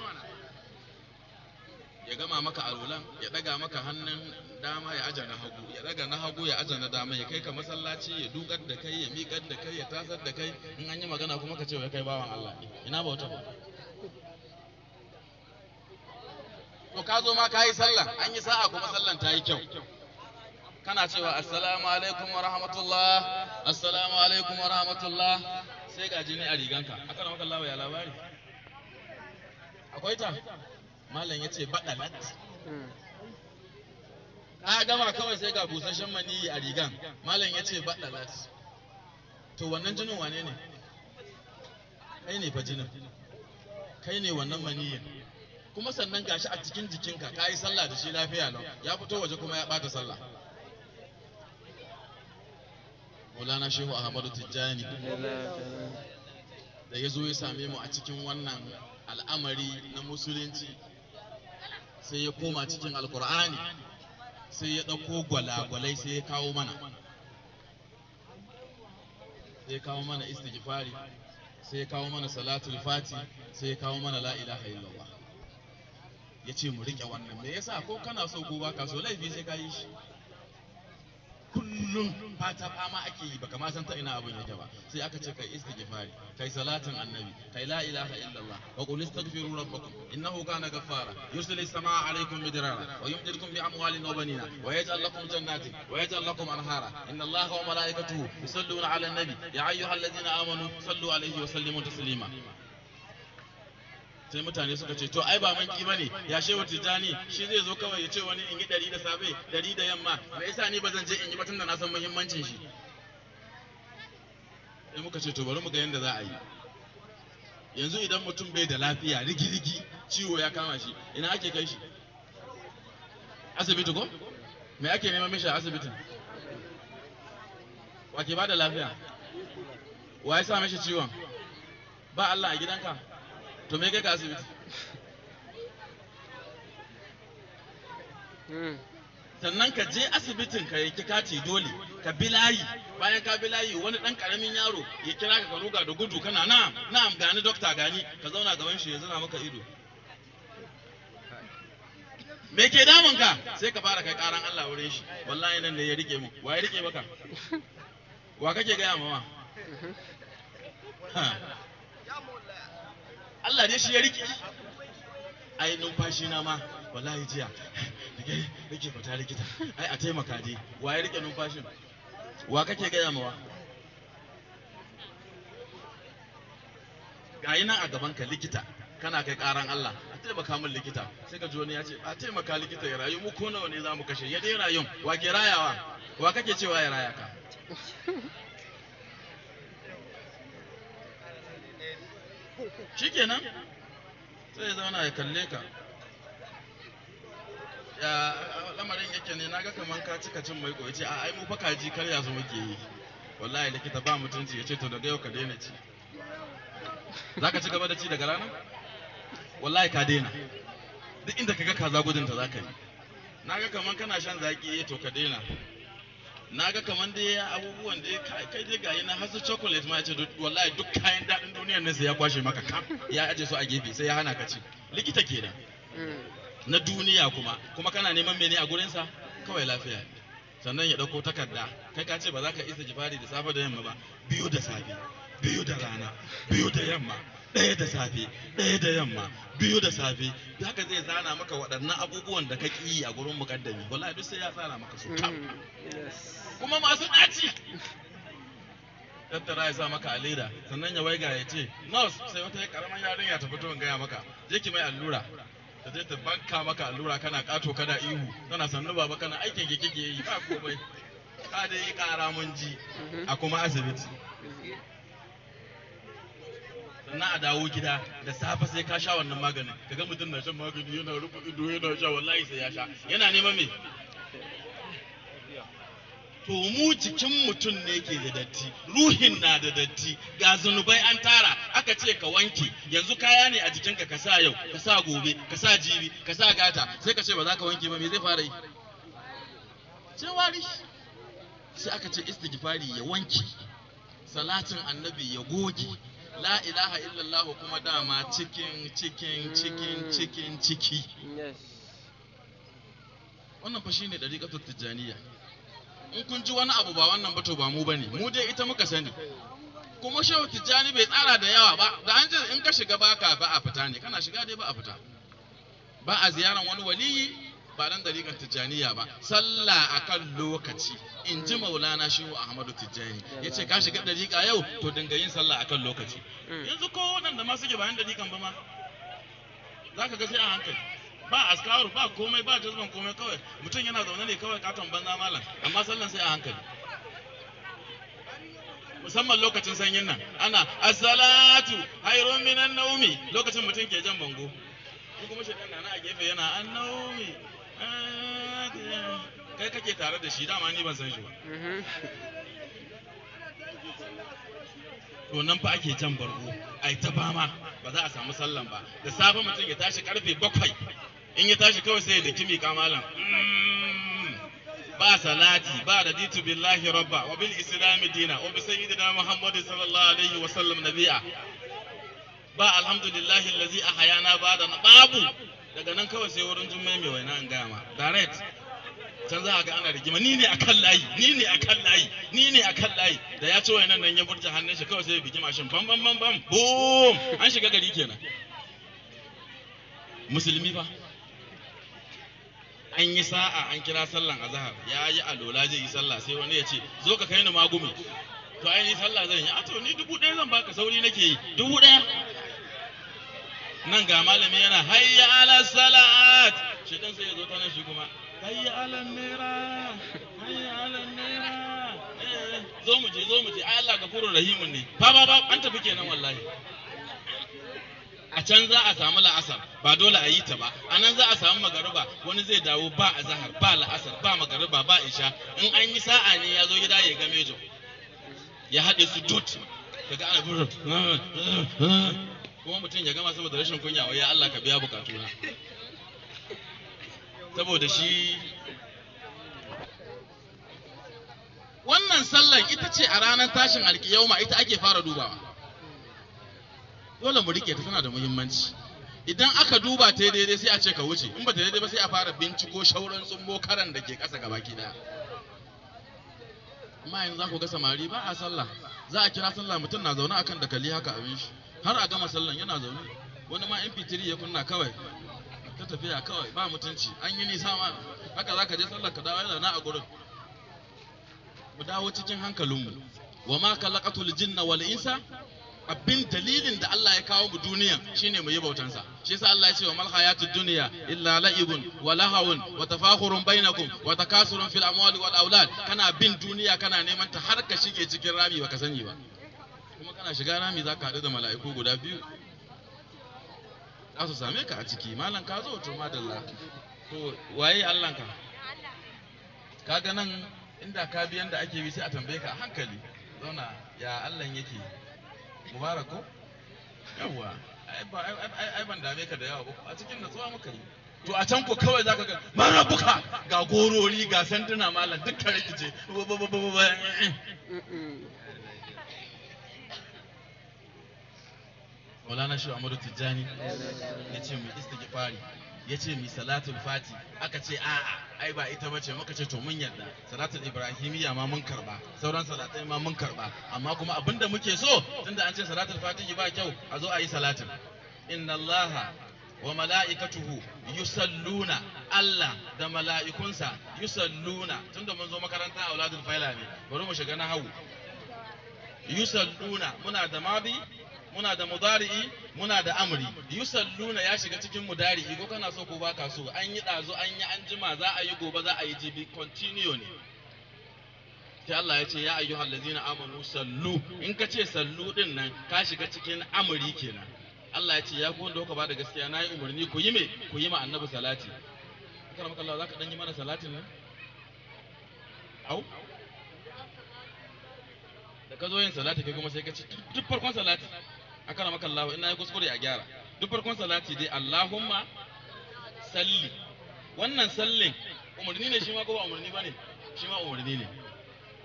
ya gama maka alulan ya daga maka hannun dama ya aje na hagu ya daga na hagu ya aje na dama ya kai ka masallaci ya dukar da kai ya miƙar da kai ya tasar da kai in an yi magana kuma ka ce wai kai bawan Allah ina bauta ba to ka zo ma ka yi sallah an yi sa'a kuma sallan ta yi kyau kana cewa assalamu alaikum wa rahmatullah assalamu alaikum wa rahmatullah sai ga jini a riganka aka na maka lawa ya labari akwai ta malam ya ce baɗalat a gama kawai sai ga busasshen maniyi a rigan malam ya ce baɗalat to wannan jinin wane ne kai ne fa jinin kai ne wannan maniyin kuma sannan gashi a cikin jikinka ka yi sallah da shi lafiya lau ya fito waje kuma ya bata sallah Maulana Shehu Ahmadu Tijjani da ya zo ya same mu a cikin wannan al'amari na musulunci sai ya koma cikin alkur'ani sai ya ɗauko gwalagwalai sai ya kawo mana sai ya kawo mana istighfari sai ya kawo mana salatul fati sai ya kawo mana la ilaha yace mu rike wannan me yasa ko kana so ko baka so laifi sai ka yi shi kullum fata fama ake yi baka ma san ta ina abin yake ba sai aka ce kai istighfari kai salatin annabi kai la ilaha illallah wa qul istaghfiru rabbakum innahu kana ghaffara yursilu samaa alaykum midrara wa yumdidukum bi amwalin wa banina wa yaj'al lakum jannatin wa yaj'al lakum anhara inna allaha wa malaikatahu yusalluna ala an-nabi ya ayyuhalladhina amanu sallu alayhi wa sallimu taslima sai mutane suka ce to ai ba manki bane ya shewa tijani shi zai zo kawai ya ce wani in yi dari da safe dari da yamma me yasa ni ba zan je in yi ba tunda na san muhimmancin shi sai muka ce to bari mu ga yadda za a yi yanzu idan mutum bai da lafiya rigirigi ciwo ya kama shi ina ake kai shi asibiti ko me ake neman mishi a asibitin wa ke ba da lafiya wa ya sa mishi ciwon ba Allah a gidanka to me kai ka asibiti hmm. sannan ka je asibitin ka yanki kati dole ka bi layi bayan ka bi layi wani dan karamin yaro ya kira ka ruga da gudu kana na na gani dokta gani ka zauna gaban shi ya zana maka ido me ke damun ka sai ka fara kai karan Allah wurin shi wallahi nan ne ya rike mu wa ya rike maka wa kake gaya mawa mhm. Allah ne shi ya riki ai numfashi na ma wallahi jiya rike rike fita likita ai a taimaka dai wa ya rike numfashin wa kake gaya mawa gayi nan a gaban ka likita kana kai karan Allah a taimaka min likita sai ka ji wani ya ce a taimaka likita ya rayu mu ko nawa ne za mu kashe ya dai rayun wa ke rayawa wa kake cewa ya raya ka shikenan sai zauna ya kalle ka ya lamarin yake ne na ga kamar ka cika cin mai koyi ce a ai mu fa kar ya zo muke yi wallahi likita ba mutunci ya ce to daga yau ka daina ci za ka ci gaba da ci daga rana wallahi ka daina duk inda ka ga kaza gudunta za ka yi na ga kamar kana shan zaki eh, to ka daina na ga kamar ya abubuwan da ya kai dai gaya na hasu chocolate ma ya ce wallahi duk kayan daɗin duniyar nan sai ya kwashe maka kam ya aje su a gefe sai ya hana ka ci likita kenan mm. na duniya kuma kuma kana neman mene a gurinsa kawai lafiya sannan ya ɗauko takarda kai ka ce ba za ka isa jifari da safe da yamma ba biyu da safe biyu da rana biyu da yamma ɗaya da safe ɗaya da yamma biyu da safe haka zai zana maka waɗannan abubuwan da ka ƙi a gurin mukaddami wallahi duk sai ya zana maka su mm, kuma masu ɗaci tattara ya sa maka Alira sannan ya waiga ya ce nurse sai wata ya karaman yarinya ta fito in gaya maka je ki mai allura ta je ta banka maka allura kana ƙato kada ihu tana sannu baba kana aikin ki kike yi ba komai ka dai ƙara mun ji mm-hmm. a kuma asibiti mm-hmm. sannan a dawo gida da safe sai ka sha wannan maganin kaga mutum na shan magani yana rufe ido yana sha wallahi sai ya sha yana neman me to mu jikin mutum ne ke da datti ruhin na da datti ga zunubai an tara aka ce ka wanke yanzu kaya ne a jikinka ka sa yau ka sa gobe ka sa jibi ka sa gata sai ka ce ba za ka wanke ba me zai fara yi sai wari sai aka ce istighfari ya wanke salatin annabi ya goge la ilaha illallah kuma dama cikin cikin cikin cikin ciki wannan fa shine rikatar tijaniya in kun ji wani abu ba wannan ba to ba mu bane mu dai ita muka sani kuma shehu tijjani bai tsara da yawa ba da an ji in ka shiga baka ba a fita ne kana shiga dai ba a fita ba a ziyaran wani waliyi ba dan dariƙar tijjaniya ba sallah akan lokaci in ji maulana shehu ahmadu tijjani ya ce ka shiga dariƙa yau to dinga yin sallah akan lokaci hmm. yanzu ko da ma suke bayan dariƙan ba ma za ka ga sai a hankali ba askawar ba komai ba jazban komai kawai mutum yana zaune ne kawai katon banza malam amma sallan sai a hankali musamman lokacin sanyin nan ana assalatu hayrun minan naumi lokacin mutum ke jan bango kuma shaitan na a gefe yana an naumi kai kake tare da shi dama ni ban san shi ba to nan fa ake can barko ai ta fama ba za a samu sallan ba da safe mutum ya tashi karfe bakwai in ya tashi kawai sai da daki mika malam mm. ba salati ba da ditu billahi rabba wa bil islami dina wa bi sayyidina muhammadin sallallahu alaihi wa sallam nabi'a ba alhamdulillahi allazi ahayana ba da babu daga nan kawai sai wurin jummai mai waina an ma, direct can za a ga ana rigima ni ne akan layi ni ne akan layi ni ne akan layi da ya ci wainan nan ya burta hannun shi kawai sai ya bigi mashin bam bam bam bam boom an shiga gari kenan musulmi fa an yi sa'a an kira sallan azhar ya yi alola zai yi sallah sai wani ya ce zo ka kai ni magumi to ai ni sallah zan yi a to ni dubu ɗaya zan baka sauri nake yi dubu ɗaya nan ga malami yana hayya ala salat shi dan sai ya zo ta nan shi kuma hayya ala naira hayya ala naira eh, zo mu je zo mu je ai Allah gafurur rahimun ne ba ba ba an tafi kenan wallahi a can za a samu la'asar ba dole a yi ta ba a nan za a samu magariba wani zai dawo ba a zahar ba la'asar ba magariba ba isha in an yi sa'a ne ya zo gida ya ga mejo ya haɗe su dut daga ana ah, ah, ah. kuma mutum ya gama saboda rashin kunya wai ya Allah ka biya bukatuna saboda shi wannan sallar ita ce a ranar tashin alkiyauma ita ake fara dubawa dole mu rike ta tana da muhimmanci idan aka duba ta daidai sai a ce ka wuce in ba ta daidai ba sai a fara binciko shauran tsumbo karan da ke ƙasa gaba ki daya amma yanzu za ku ga samari ba a sallah za a kira sallah mutum na zaune akan dakali haka abin shi har a gama sallan yana zaune wani ma mp3 ya kunna kawai ta tafiya kawai ba mutunci an yi nisa ma haka za ka je sallar ka dawo yana a gurin mu dawo cikin hankalinmu wa ma khalaqatul jinna wal insa abin dalilin da Allah ya kawo mu duniya shine mu yi bautansa shi yasa Allah ya ce wa mal hayatud dunya illa la'ibun wa lahawun wa tafakhurun bainakum wa takasurun fil amwali wal aulad kana bin duniya kana neman ta har ka shige cikin rami baka sani ba kuma kana shiga rami za ka haɗu da mala'iku guda biyu za su same ka a ciki malam ka zo to madalla to waye Ka kaga nan inda ka bi yanda ake bi sai a tambaye ka a hankali zauna ya allan yake mubarak ko yawwa ai ban dame ka da yawa ba a cikin natsuwa muka yi to a can ko kawai zaka ga mara buka ga gorori ga sanduna malam dukkan rikice maulana shi amadu tijjani ya ce mai istighfari ya ce mai salatul fati aka ce a'a ai ba ita bace muka ce to mun yarda salatul ibrahimiyya ma mun karba sauran salatai ma mun karba amma kuma abinda muke so tunda an ce salatul fati ba kyau a zo a yi salatin inna allaha wa mala'ikatuhu yusalluna Allah da mala'ikunsa yusalluna tunda mun zo makaranta a auladul faila ne bari mu shiga na hawu yusalluna muna da mabi muna da mudari'i muna da amri yusalluna ya shiga cikin mudari'i ko kana so ko baka so an yi dazo an yi an jima za a yi gobe za a yi jibi continue ne sai Allah ya ce ya ayyuhal ladzina amanu sallu in ka ce sallu din nan ka shiga cikin amri kenan Allah ya ce ya kun wanda kuka ba da gaskiya nayi umarni ku yi me ku yi ma annabi salati karamaka Allah zaka dan yi mana salatin nan au da ka zo yin salati kai kuma sai ka ci duk farkon salati akana maka Allah in nayi kuskure a gyara duk farkon salati dai Allahumma salli wannan sallin umarni ne shi ma ko ba umarni bane shi ma umarni ne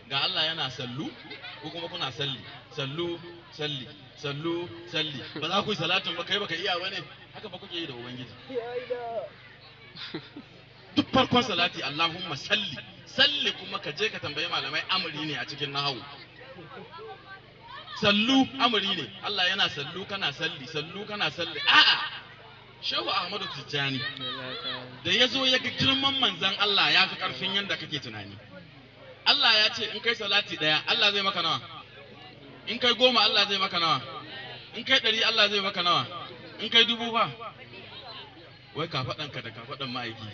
ga Allah yana sallu ko kuma kuna salli sallu salli sallu salli ba za ku yi salatin ba kai baka iya bane haka ba kuke yi da ubangiji duk farkon salati Allahumma salli salli kuma ka je ka tambayi malamai amri ne a cikin nahawu sallu amuri ne Allah yana sallu kana salli sallu kana salli a'a Shehu Ahmadu Tijjani da ya zo ya ga girman manzan Allah ya fi ƙarfin yadda kake tunani Allah ya ce in kai salati ɗaya Allah zai maka nawa in kai goma Allah zai maka nawa in kai ɗari Allah zai maka nawa in kai dubu ba wai kafaɗanka da faɗan ma'aiki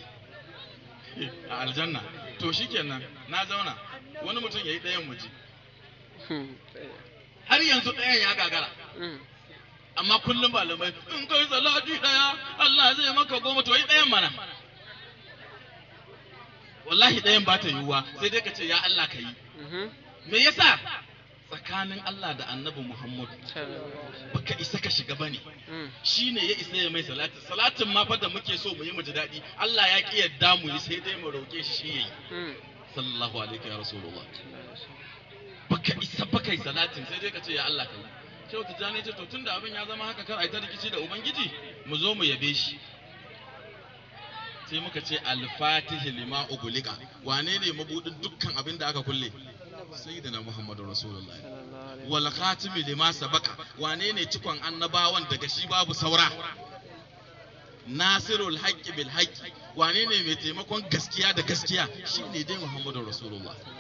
a aljanna to shikenan na zauna wani mutum ya yi ɗayan muji hmm, har yanzu ɗayan ya gagara hmm. amma kullum malamai in kai salati daya Allah zai maka goma to yi ɗayan mana wallahi ɗayan ba ta yiwuwa sai dai ka ce ya Allah ka yi mm-hmm. me yasa tsakanin Allah da annabi Muhammadu baka isa ka shiga bane hmm. shine ya isa ya mai salati salatin ma fa da muke so mu yi mu ji daɗi Allah ya ki yadda mu yi sai dai mu roƙe shi shi yayi hmm. sallallahu alaihi wa rasulullah baka isa baka yi salatin sai dai ka ce ya Allah kai shehu tijjani ce to tunda abin ya zama haka kar ai ta rikici da ubangiji mu zo mu yabe shi sai muka ce alfatihi lima ugulika wane ne mabudin dukkan abin da aka kulle sayyidina muhammadu rasulullahi wal khatimi lima sabaka wane ne cikon annabawan daga shi babu saura nasirul haqqi bil haqqi wane ne mai taimakon gaskiya da gaskiya shine dai muhammadu rasulullahi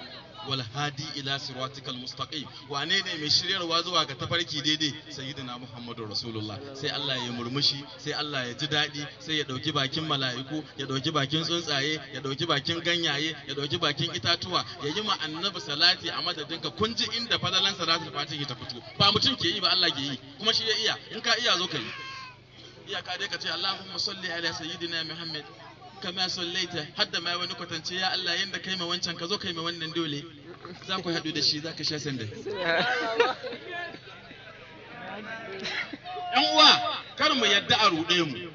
wal hadi ila siratikal mustaqim wane ne mai shiryarwa zuwa ga tafarki daidai sayyidina muhammadu rasulullah sai Allah ya murmushi sai Allah ya ji daɗi sai ya ɗauki bakin mala'iku ya ɗauki bakin tsuntsaye ya ɗauki bakin ganyaye ya ɗauki bakin itatuwa ya yi ma annabi salati a madadin ka kun ji inda fadalan salatul fatihi ta fito ba mutum ke yi ba Allah ke yi kuma shi ya iya in ka iya zo ka yi ka dai ka ce Allahumma salli ala sayyidina Muhammad kama sallaita hadda ma wani kwatance ya Allah yanda kai ma wancan ka zo kai ma wannan dole za ku haɗu da shi za ka sha sanda yan uwa kar mu yadda a ruɗe mu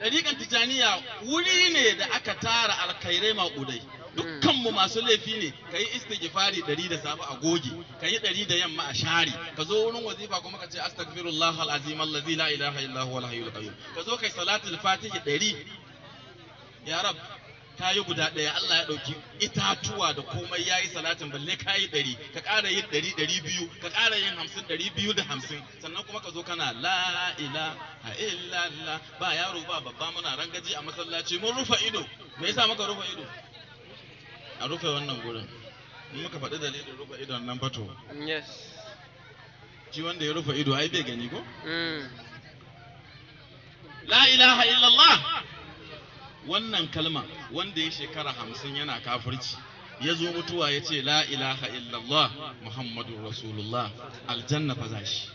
ɗariƙan tijaniya wuri ne da aka tara alkhairai maƙudai Mm. dukkanmu masu laifi ne ka yi istighfari ɗari da safe a goge ka yi ɗari da yamma a share ka zo wurin wazifa kuma ka ce astaghfirullah alazim allazi la ilaha illa huwa alhayyul qayyum ka zo kai salatul fatihi dari ya rab ka yi guda ɗaya Allah ya ɗauki itatuwa da komai ya yi salatin balle ka yi ɗari ka ƙara yin ɗari ɗari biyu ka ƙara yin hamsin ɗari biyu da hamsin sannan kuma ka zo kana la ilaha illallah ba yaro ba babba muna rangaji a masallaci mun rufe ido me yasa muka rufe ido a rufe wannan gurin in muka faɗi dalilin rufe idon nan fato yes ji wanda ya rufe ido ai bai gani ko mm. la ilaha illallah wannan kalma wanda ya shekara hamsin yana kafirci ya zo mutuwa ya ce la ilaha illallah muhammadu rasulullah aljanna fa za shi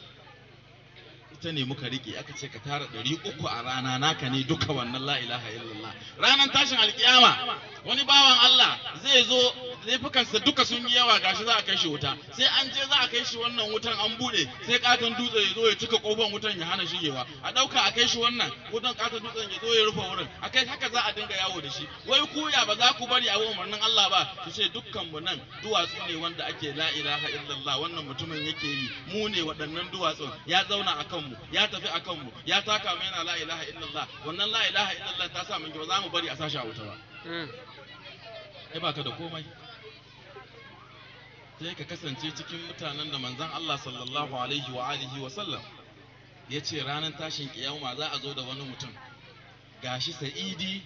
ta ne muka rike aka ce ka tara ɗari uku a rana naka ne duka wannan la ilaha illallah ranar tashin alkiyama wani bawan Allah zai zo laifukansa duka sun yi yawa gashi za a kai shi wuta sai an je za a kai shi wannan wutan an bude sai katon dutse ya zo ya cika kofan wutan ya hana shigewa a dauka a kai shi wannan wutan katon dutsen ya zo ya rufe wurin a kai haka za a dinga yawo da shi wai kuya ba za ku bari a umarnin Allah ba su ce dukkan mu nan duwatsu ne wanda ake la ilaha illallah wannan mutumin yake yi mu ne waɗannan duwatsun ya zauna a kanmu ya tafi a kanmu ya taka mu yana la ilaha illallah wannan la ilaha illallah ta sa mun ba za mu bari a sashi a wuta ba hmm. ai baka da komai sai ka kasance cikin mutanen da manzan Allah sallallahu alaihi wa alihi wa sallam ya ce ranar tashin kiyama za a zo da wani mutum gashi sa'idi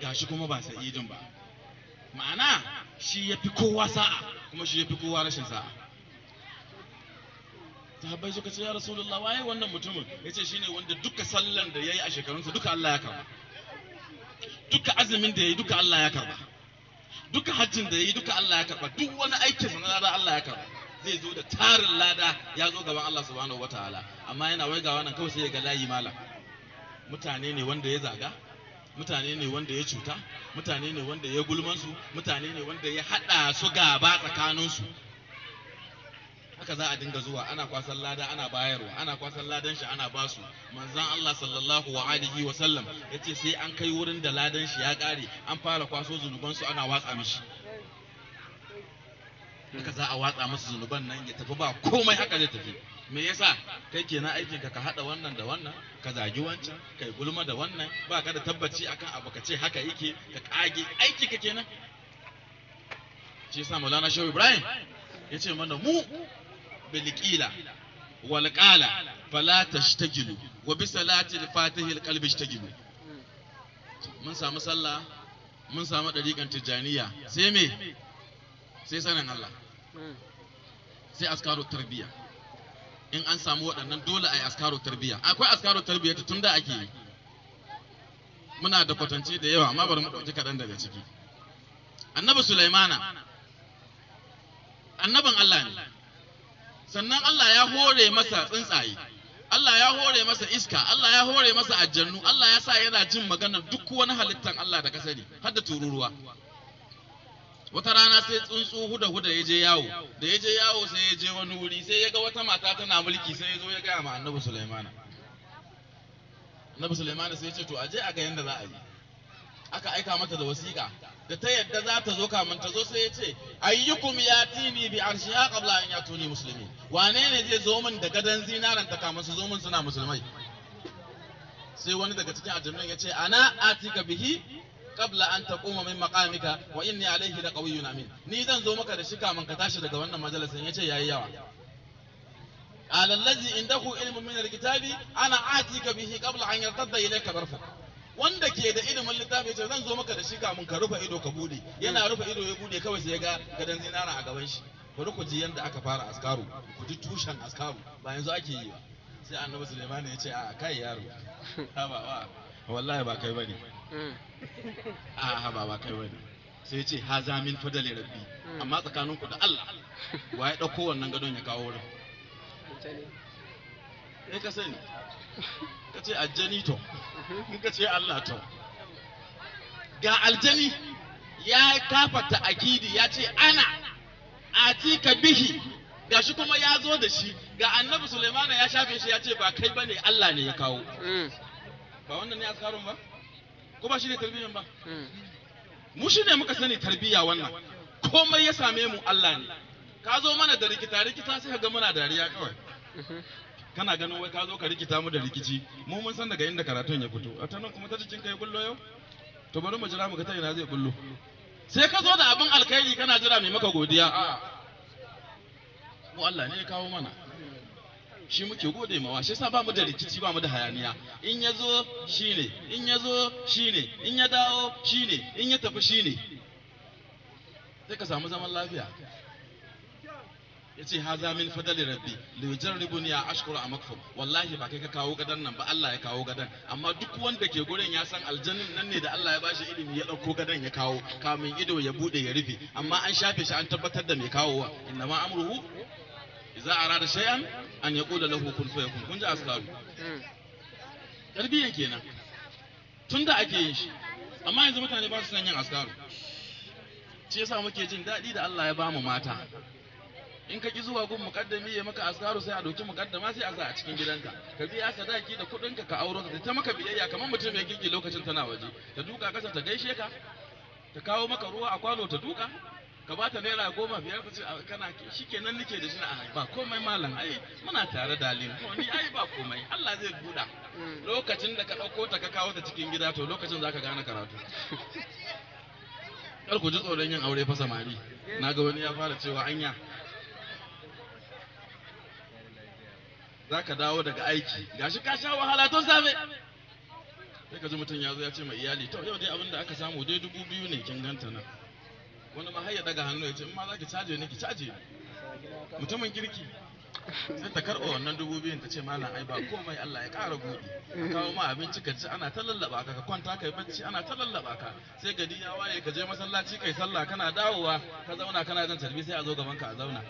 gashi kuma ba sa'idin ba ma'ana shi ya fi kowa sa'a kuma shi ya fi kowa rashin sa'a sahabbai suka ce ya rasulullah waye wannan mutumin ya ce shine wanda duka sallan da ya yi a shekarunsa duka Allah ya karba duka azumin da ya yi duka Allah ya karba duka hajjin da yi duka Allah ya karba duk wani aikin sa na lada Allah ya karba zai zo da tarin lada ya zo gaban Allah subhanahu wataala amma yana wai ga nan kawai sai ya ga layi malam mutane ne wanda ya zaga mutane ne wanda ya cuta mutane ne wanda ya gulman su, mutane ne wanda ya haɗa su gaba tsakanin su. haka za a dinga zuwa ana kwasan lada ana bayarwa ana kwasan ladan shi ana basu manzon Allah sallallahu wa alihi wa sallam yace sai an kai wurin da ladan shi ya kare an fara kwaso zunuban su ana watsa mishi haka za a watsa musu zunuban nan ya tafi ba komai haka zai tafi me yasa kai kenan aikin ka ka hada wannan da wannan ka zagi wancan kai gulma da wannan ba ka da tabbaci akan abu ka ce haka yake ka kage aiki ka kenan shi yasa Maulana Shehu Ibrahim yace mana mu bilqila wal qala fala tashtajilu wa bi salati al-fatihil qalbi ishtajilu mun samu sallah mun samu dariƙan tijaniya sai sanin Allah sai askaru tarbiyya in an samu waɗannan dole a yi askaru tarbiyya akwai askaru tarbiyya ta tunda ake yi muna da kwatance da yawa amma bari mu ɗauki kaɗan daga ciki annabi sulaimana annabin Allah ne sannan Allah ya hore masa tsuntsaye Allah ya hore masa iska Allah ya hore masa aljannu Allah ya sa yana jin maganar duk wani halittan Allah da ka har da tururuwa wata rana sai tsuntsu huda huda ya je yawo da ya je yawo sai ya je wani wuri sai ya ga wata mata tana mulki sai ya zo ya gaya ma annabi sulaimana annabi sulaimana sai ya ce to aje a ga yanda za a yi aka aika mata da wasiƙa da ta yadda za ta zo kamun ta zo sai ya ce ayyukum ya tini bi arshiha qabla an yatuni musulmi wane ne zai zo min da gadon zinaran ta kamun su zo min suna musulmai sai wani daga cikin ajannan ya ce ana atika bihi qabla an taquma min maqamika wa inni alayhi laqawiyyun amin ni zan zo maka da shi kamun ka tashi daga wannan majalisin ce yayi yawa على الذي عنده علم من الكتاب انا اتيك به قبل ان يرتد اليك طرفك wanda ke da ilimin littafi ya ce zan zo maka da shi kamun ka rufe ido ka bude yana rufe ido ya bude kawai sai ya ga gadan zinara a gaban shi bari ku ji yadda aka fara askaru ku ji tushen askaru ba yanzu ake yi ba sai annabi Sulaiman ya ce a kai yaro ha ba wallahi ba kai bane hmm. a ha ba ba kai bane sai ya ce ha zamin fadali rabbi hmm. amma tsakaninku da Allah wa ya dauko wannan gadon ya kawo wurin kai eh, ka sani ka ce aljani to in ka ce Allah to ga aljani ya kafata akidi ya ce ana a atika bihi gashi kuma ya zo da shi ga annabi Sulaimana ya shafe shi ya ce ba kai ba ne Allah ne ya kawo hmm. ba wannan ne askarun ba ko ba shi ne tarbiyyan ba hmm. mu shi ne muka sani tarbiyya wannan komai ya same mu Allah ne ka zo mana da rikita rikita sai ka ga muna dariya kawai hmm. kana ganin wai ka zo ka rikita mu da rikici mu mun san daga inda karatun ya fito a tanan kuma ta cikin kai bullo yau to bari mu jira mu ga ta ina zai bullo sai ka zo da abin alkhairi kana jira mai maka godiya a mu Allah ne ya kawo mana shi muke gode mawa shi yasa ba mu da rikici ba mu da hayaniya in ya zo shine in ya zo shine in ya dawo shine in ya tafi shine sai ka samu zaman lafiya ya ce haza min fadali rabbi li yujarribuni a ashkuru a makfum wallahi ba kai ka kawo gadan nan ba Allah ya kawo gadan amma duk wanda ke gurin ya san aljannin nan ne da Allah ya bashi ilimi ya dauko gadan ya kawo kamin ido ya bude ya rufe amma an shafe shi an tabbatar da mai kawowa inna ma amruhu idza arada shay'an an yaqula lahu kun fayakun kun ji askaru hmm. tarbiyya kenan tunda ake yin shi amma yanzu mutane ba su san yin askaru shi yasa muke jin daɗi da Allah ya bamu mata in ka ki zuwa gun mukaddami ya maka asaru sai a doki mukaddama sai a sa a cikin gidanka ka biya sadaki da kuɗin ka ka auro ka ta maka biyayya kamar mutum ya gigi lokacin tana waje ta duka kasa ta gaishe ka ta kawo maka ruwa a kwano ta duka ka bata naira goma biyar ka ce kana shi kenan nake da shi na ahai ba komai malam ai muna tare da alim ni ai ba komai Allah zai buɗa mm. lokacin da ka ɗauko ta ka kawo ta cikin gida to lokacin zaka gane karatu kar ku ji tsoron yin aure fa samari na ga wani ya fara cewa anya za ka dawo daga aiki gashi ka sha wahala tun safe sai ka ji mutum ya zo ya ce mai iyali to yau dai abin da aka samu dai dubu biyu ne kin ganta nan wani ma har ya daga hannu ya ce in ma za ki caje ni ki caje mutumin kirki sai ta karɓa wannan dubu biyun ta ce malam ai ba komai Allah ya ƙara buɗe a kawo ma abinci ka ci ana ta lallaba ka ka kwanta ka yi bacci ana ta lallaba ka sai gari ya waye ka je masallaci kai sallah kana dawowa ka zauna kana jin tarbi sai a zo gaban ka a zauna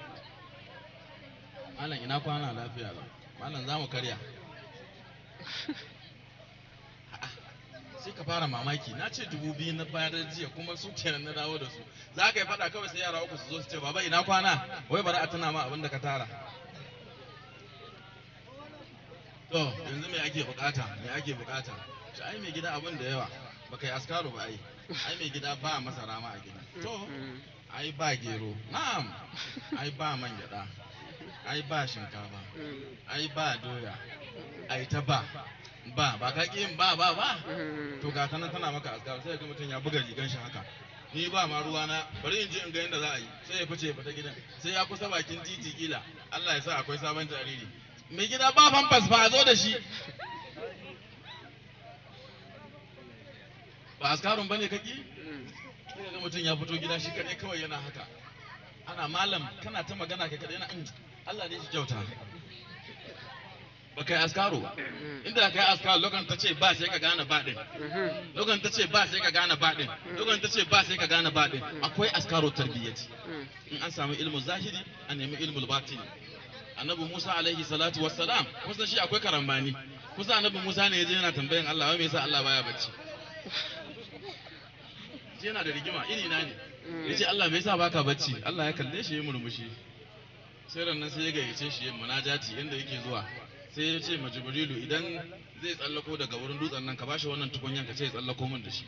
malam ina kwana lafiya lau malam za mu karya sai ka fara mamaki na ce dubu biyu na bayar jiya kuma su ke na dawo da su za ka yi faɗa kawai sai yara uku su zo su ce baba ina kwana wai bari a tuna ma abin da ka tara to yanzu me ake bukata me ake bukata to ai mai gida abin da yawa baka yi askaro ba ai ai mai gida ba masara ma a gida to ai ba gero na'am ai ba man gyada ai ba shinkafa ai ba doya ai ta ba ba ba ka ƙi ba ba ba to ga ta tana maka azgaba sai ga mutum ya buga rigan shi haka ni ba ma ruwa na bari in ji in ga yadda za a yi sai ya fice fita gidan sai ya kusa bakin titi kila Allah ya sa akwai sabon jariri mai gida ba famfas ba a zo da shi ba askarun bane kaki sai ga mutum ya fito gida shi kadai kawai yana haka ana malam kana ta magana kai kadai yana mm. Allah ne shi kyauta ba kai askaro ba mm-hmm. inda kai askaro lokacin ta ce ba sai ka gane din mm-hmm. lokacin ta ce ba sai ka gane din mm-hmm. lokacin ta ce ba sai ka gane din akwai askaro tarbiyyati in an samu ilmu zahiri a nemi ilmu batini annabi Musa alaihi salatu wassalam kusan shi akwai karambani kusan annabi Musa ne yaje yana tambayan Allah wai me yasa Allah baya bacci yana da rigima iri na ne mm. yace Allah me yasa baka bacci Allah ya kalle shi ya murmushi sai ran sai ya gayyace shi na munajati inda yake zuwa sai ya ce ma jibrilu idan zai tsallako daga wurin dutsen nan ka bashi wannan tukunyan ka ce ya tsallako min da shi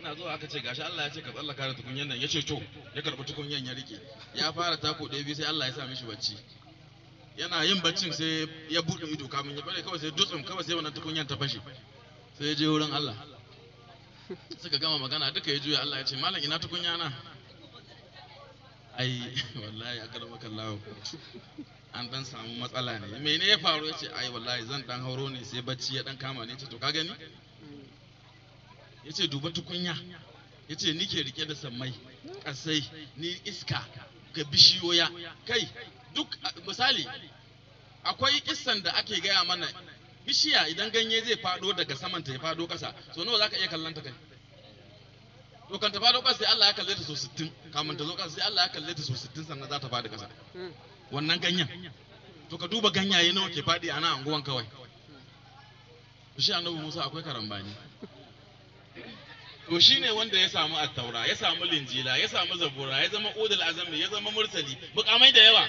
ina zuwa aka ce gashi Allah ya ce ka tsallaka da tukunyan nan ya ce to ya karbi tukunyan ya rike ya fara tako ɗaya biyu sai Allah ya sa mishi bacci yana yin baccin sai ya bude ido kamun ya bare kawai sai dutsen kawai sai wannan tukunyan ta fashe sai ya je wurin Allah suka gama magana duka ya juya Allah ya ce malam ina tukunya na ai wallahi a karbakan lawo an dan samu matsala ne mene ya faru ya ce ai wallahi zan dan hauro ne sai bacci ya dan kama ne ce to ka gani ya ce duba tukunya ya ce ni ke rike da sammai kasai ni iska ga bishiyoya kai duk misali akwai kissan da ake gaya mana bishiya idan ganye zai fado daga samanta ya fado kasa so nawa zaka iya kallon ta kai to kan ta fado ƙasa sai Allah ya kalle ta so 60 kamun ta zo ƙasa sai Allah ya kalle ta so 60 sannan za ta fadi ƙasa hmm. wannan ganyen to ka duba ganyaye nawa ke fadi a anguwan kawai shi annabi Musa akwai karambani to shine wanda ya samu attaura ya samu linjila ya samu zabura ya zama udul azami ya zama mursali mukamai da yawa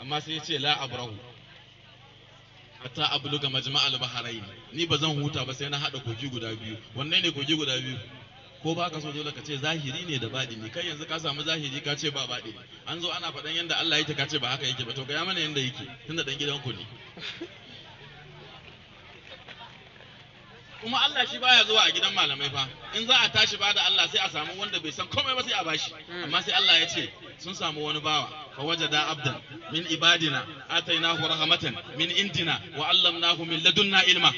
amma sai ya ce la abrahu hatta abluga majma'al bahrain ni bazan huta ba sai na hada kogi guda biyu Wannan ne kogi guda biyu ko ba ka so dole ka ce zahiri ne da baɗini kai yanzu ka samu zahiri ka ce ba baɗi an zo ana faɗan yadda Allah yake ka ce ba haka yake ba to ga mana yanda yake tunda dan gidan ku ne kuma Allah shi baya zuwa a gidan malamai fa in za a tashi ba da Allah sai a samu wanda bai san komai ba sai a bashi hmm. amma sai Allah ya ce sun samu wani bawa fa wajada abdan min ibadina atainahu rahmatan min indina wa allamnahu min ladunna ilma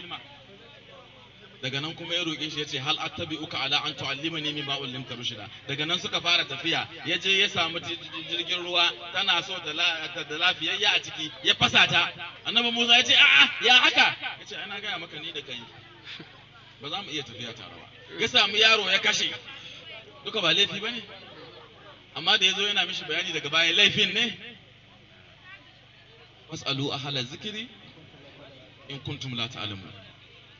daga nan kuma ya roƙe shi ya ce hal attabi'uka ala an tu'allimani mimma ullimta rushida daga nan suka fara tafiya ya je ya samu jirgin ruwa tana so da lafiyayya a ciki ya fasa ta annabi Musa ya ce a'a ya haka ya ce ana gaya maka ni da kai ba za mu iya tafiya tare ba ya samu yaro ya kashe duka ba laifi bane amma da ya zo yana mishi bayani daga baya laifin ne mas'alu ahla zikiri in kuntum la ta'lamun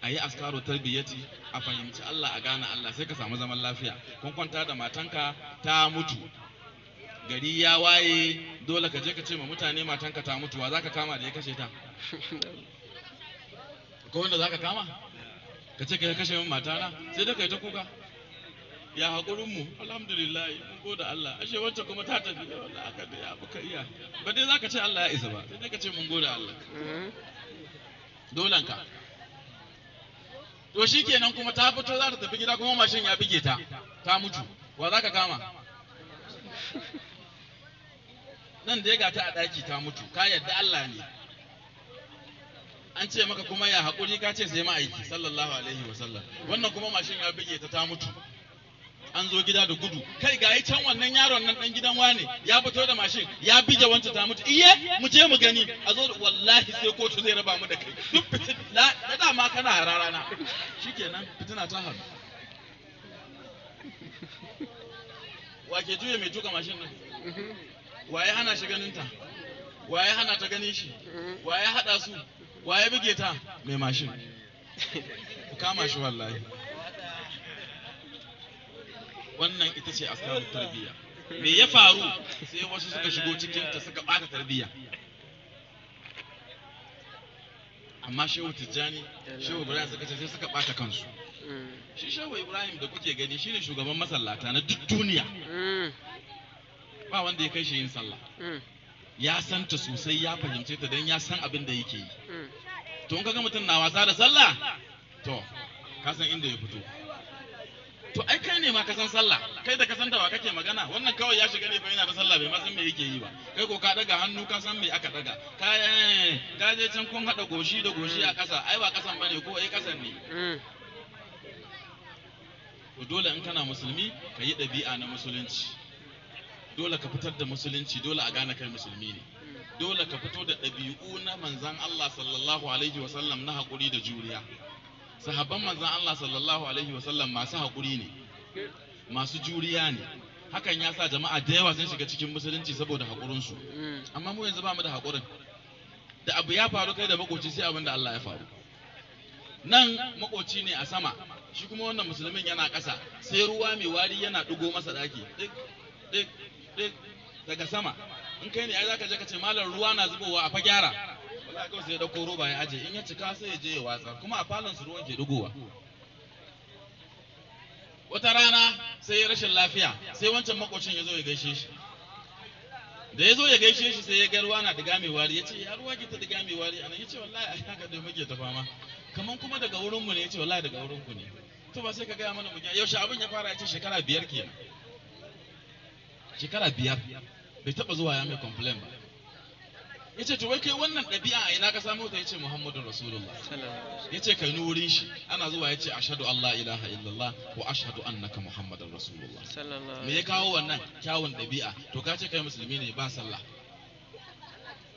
a yi askaro tarbiyyati a fahimci Allah a gane Allah sai ka samu zaman lafiya kun kwanta da matanka ta mutu gari ya waye dole ka je ka ce ma mutane matanka ta mutu wa ka kama da ya kashe ta ko wanda za ka kama ka ce ka kashe min matana sai dai kai ta kuka ya haƙurin mu alhamdulillah mun goda Allah ashe wacce kuma ta tafi wallahi aka da ya buka iya ba dai za ka ce Allah ya isa ba sai dai ka ce mun goda Allah mm-hmm. dolanka to shi kenan kuma ta fito za ta tafi gida kuma mashin ya bige ta ta mutu wa za ka kama nan da ya gata a daki ta mutu ka yadda Allah ne an ce maka kuma ya haƙuri ka ce sai aiki, sallallahu alaihi wa sallam wannan kuma mashin ya bige ta ta mutu an zo gida da gudu kai ga can wannan yaron nan dan gidan wane ya fito da mashin ya bije wancan ta mutu iye mu je mu gani a zo wallahi sai kotu zai raba mu da kai duk fitina da dama kana hararana shikenan fitina ta haru wa ke juya mai tuka mashin nan wa ya hana shi ganin ta wa ya hana ta ganin shi wa ya hada su wa ya buge ta mai mashin ku kama shi wallahi wannan ita ce askarun tarbiyya me ya faru sai wasu suka shigo cikin ta suka bata tarbiyya amma shehu tijjani shehu ibrahim suka ce sai suka bata kansu shi shehu ibrahim da kuke gani shine shugaban masallata na duk duniya ba wanda ya kai shi yin sallah ya san ta sosai ya fahimce ta don ya san abin da yake yi to in kaga mutum na wasa da sallah to ka san inda ya fito to ai kai ne ma ka san sallah kai da ka san dawa kake magana wannan kawai ya shiga ne fa yana da sallah bai ma san me yake yi ba kai ko ka daga hannu ka san me aka daga ka eh, ka je can kun hada goshi da goshi a ƙasa ai ba kasan bane ko ai eh, ƙasan ne mm. to dole in kana musulmi ka yi ɗabi'a na musulunci dole ka fitar da musulunci dole a gane kai musulmi ne dole ka fito da ɗabi'u na manzan Allah sallallahu alaihi wasallam na haƙuri da juriya sahabban manzan Allah sallallahu alaihi wasallam masu haƙuri ne masu juriya ne hakan ya sa jama'a da yawa sun shiga cikin musulunci saboda haƙurinsu mm. amma mu yanzu ba mu da haƙurin da abu ya faru kai da makoci sai abin da Allah ya faru nan makoci ne a sama shi kuma wannan musulmin yana ƙasa sai ruwa mai wari yana ɗugo masa ɗaki ɗik ɗik ɗik daga sama in kai ne ai zaka je ka ce malam ruwa na zubowa a fa gyara wallahi kawai sai dauko roba ya aje in ya cika sai ya je ya watsa kuma a falon su ruwan ke dugowa wata rana sai ya rashin lafiya sai wancan makocin ya zo ya gaishe shi da ya zo ya gaishe shi sai ya ga ruwa na diga mai wari ya ce ya ruwa ki ta diga mai wari anan ya ce wallahi ai haka da muke ta fama kaman kuma daga wurin mu ne ya ce wallahi daga wurin ku ne to ba sai ka gaya mana mu yaushe abin ya fara ya ce shekara biyar kenan shekara biyar bai taba zuwa ya mai complain ba yace to wai kai wannan ɗabi'a a ina ka samu ta yace Muhammadu Rasulullah yace kai ni wurin shi ana zuwa yace ashhadu Allah ilaha illallah wa ashhadu annaka Muhammadun Rasulullah me ya kawo wannan kyawun ɗabi'a to ka ce kai musulmi ne ba sallah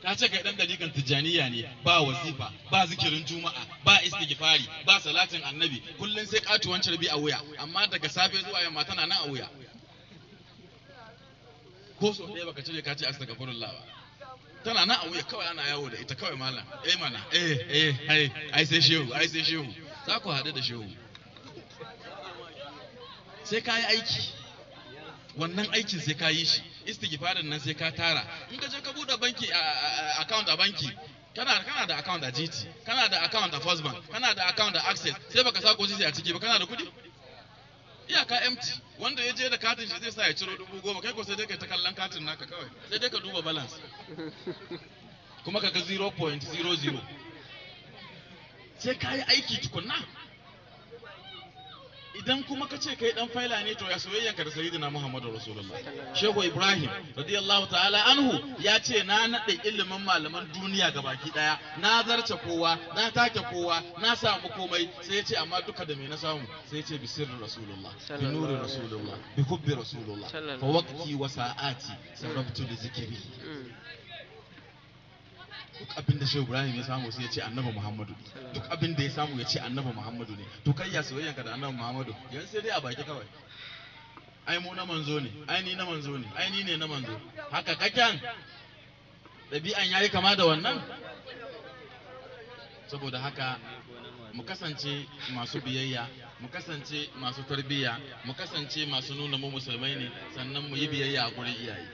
ka ce kai dan dalikan tijaniya ne ba wazifa ba zikirin juma'a ba istighfari ba salatin annabi kullun sai katuwan carbi a wuya amma daga safe zuwa yamma tana nan a wuya ko so ɗaya baka cire ka ce astaghfirullah ba tana na a wuya kawai ana yawo da ita kawai mala, eh mana eh eh ai ai sai shehu ai sai shehu za ku haɗu da shehu sai ka yi aiki wannan aikin sai ka yi shi istighfarin nan sai ka tara in ka je ka buɗe banki account a banki kana kana da account a GT kana da account a First Bank kana da account a Access sai baka sako sai a ciki ba kana da kuɗi iyaka empty wanda ya je da katin shi zai sa ya ciro dubu goma kai ko sai dai kai ta kallon katin naka kawai sai dai ka duba balance kuma ka ga 0.00 sai ka yi aiki tukunna idan kuma ka ce kai dan faila ne to ya soyayyan ka da sayyidina Muhammadu Rasulullah Shehu Ibrahim radiyallahu ta'ala anhu ya ce na nade ilimin malaman duniya ga baki daya na zarce kowa na take kowa na samu komai sai ya ce amma duka da me na samu sai ya ce bi sirri Rasulullah bi nuri Rasulullah bi hubbi Rasulullah fa waqti wa sa'ati sarabtu li zikri mm. duk abin da shehu ibrahim ya samu sai ya ce annabi muhammadu duk abin da ya samu ya ce annabi muhammadu ne to kai ya soyayya ka da annabi muhammadu yan sai dai a baki kawai ai mu na manzo ne ai ni na manzo ne ai ni ne na manzo haka kakan ɗabi'an yayi kama da wannan saboda haka mu kasance masu biyayya mu kasance masu tarbiyya mu kasance masu nuna mu musulmai ne sannan mu yi biyayya a gurin iyaye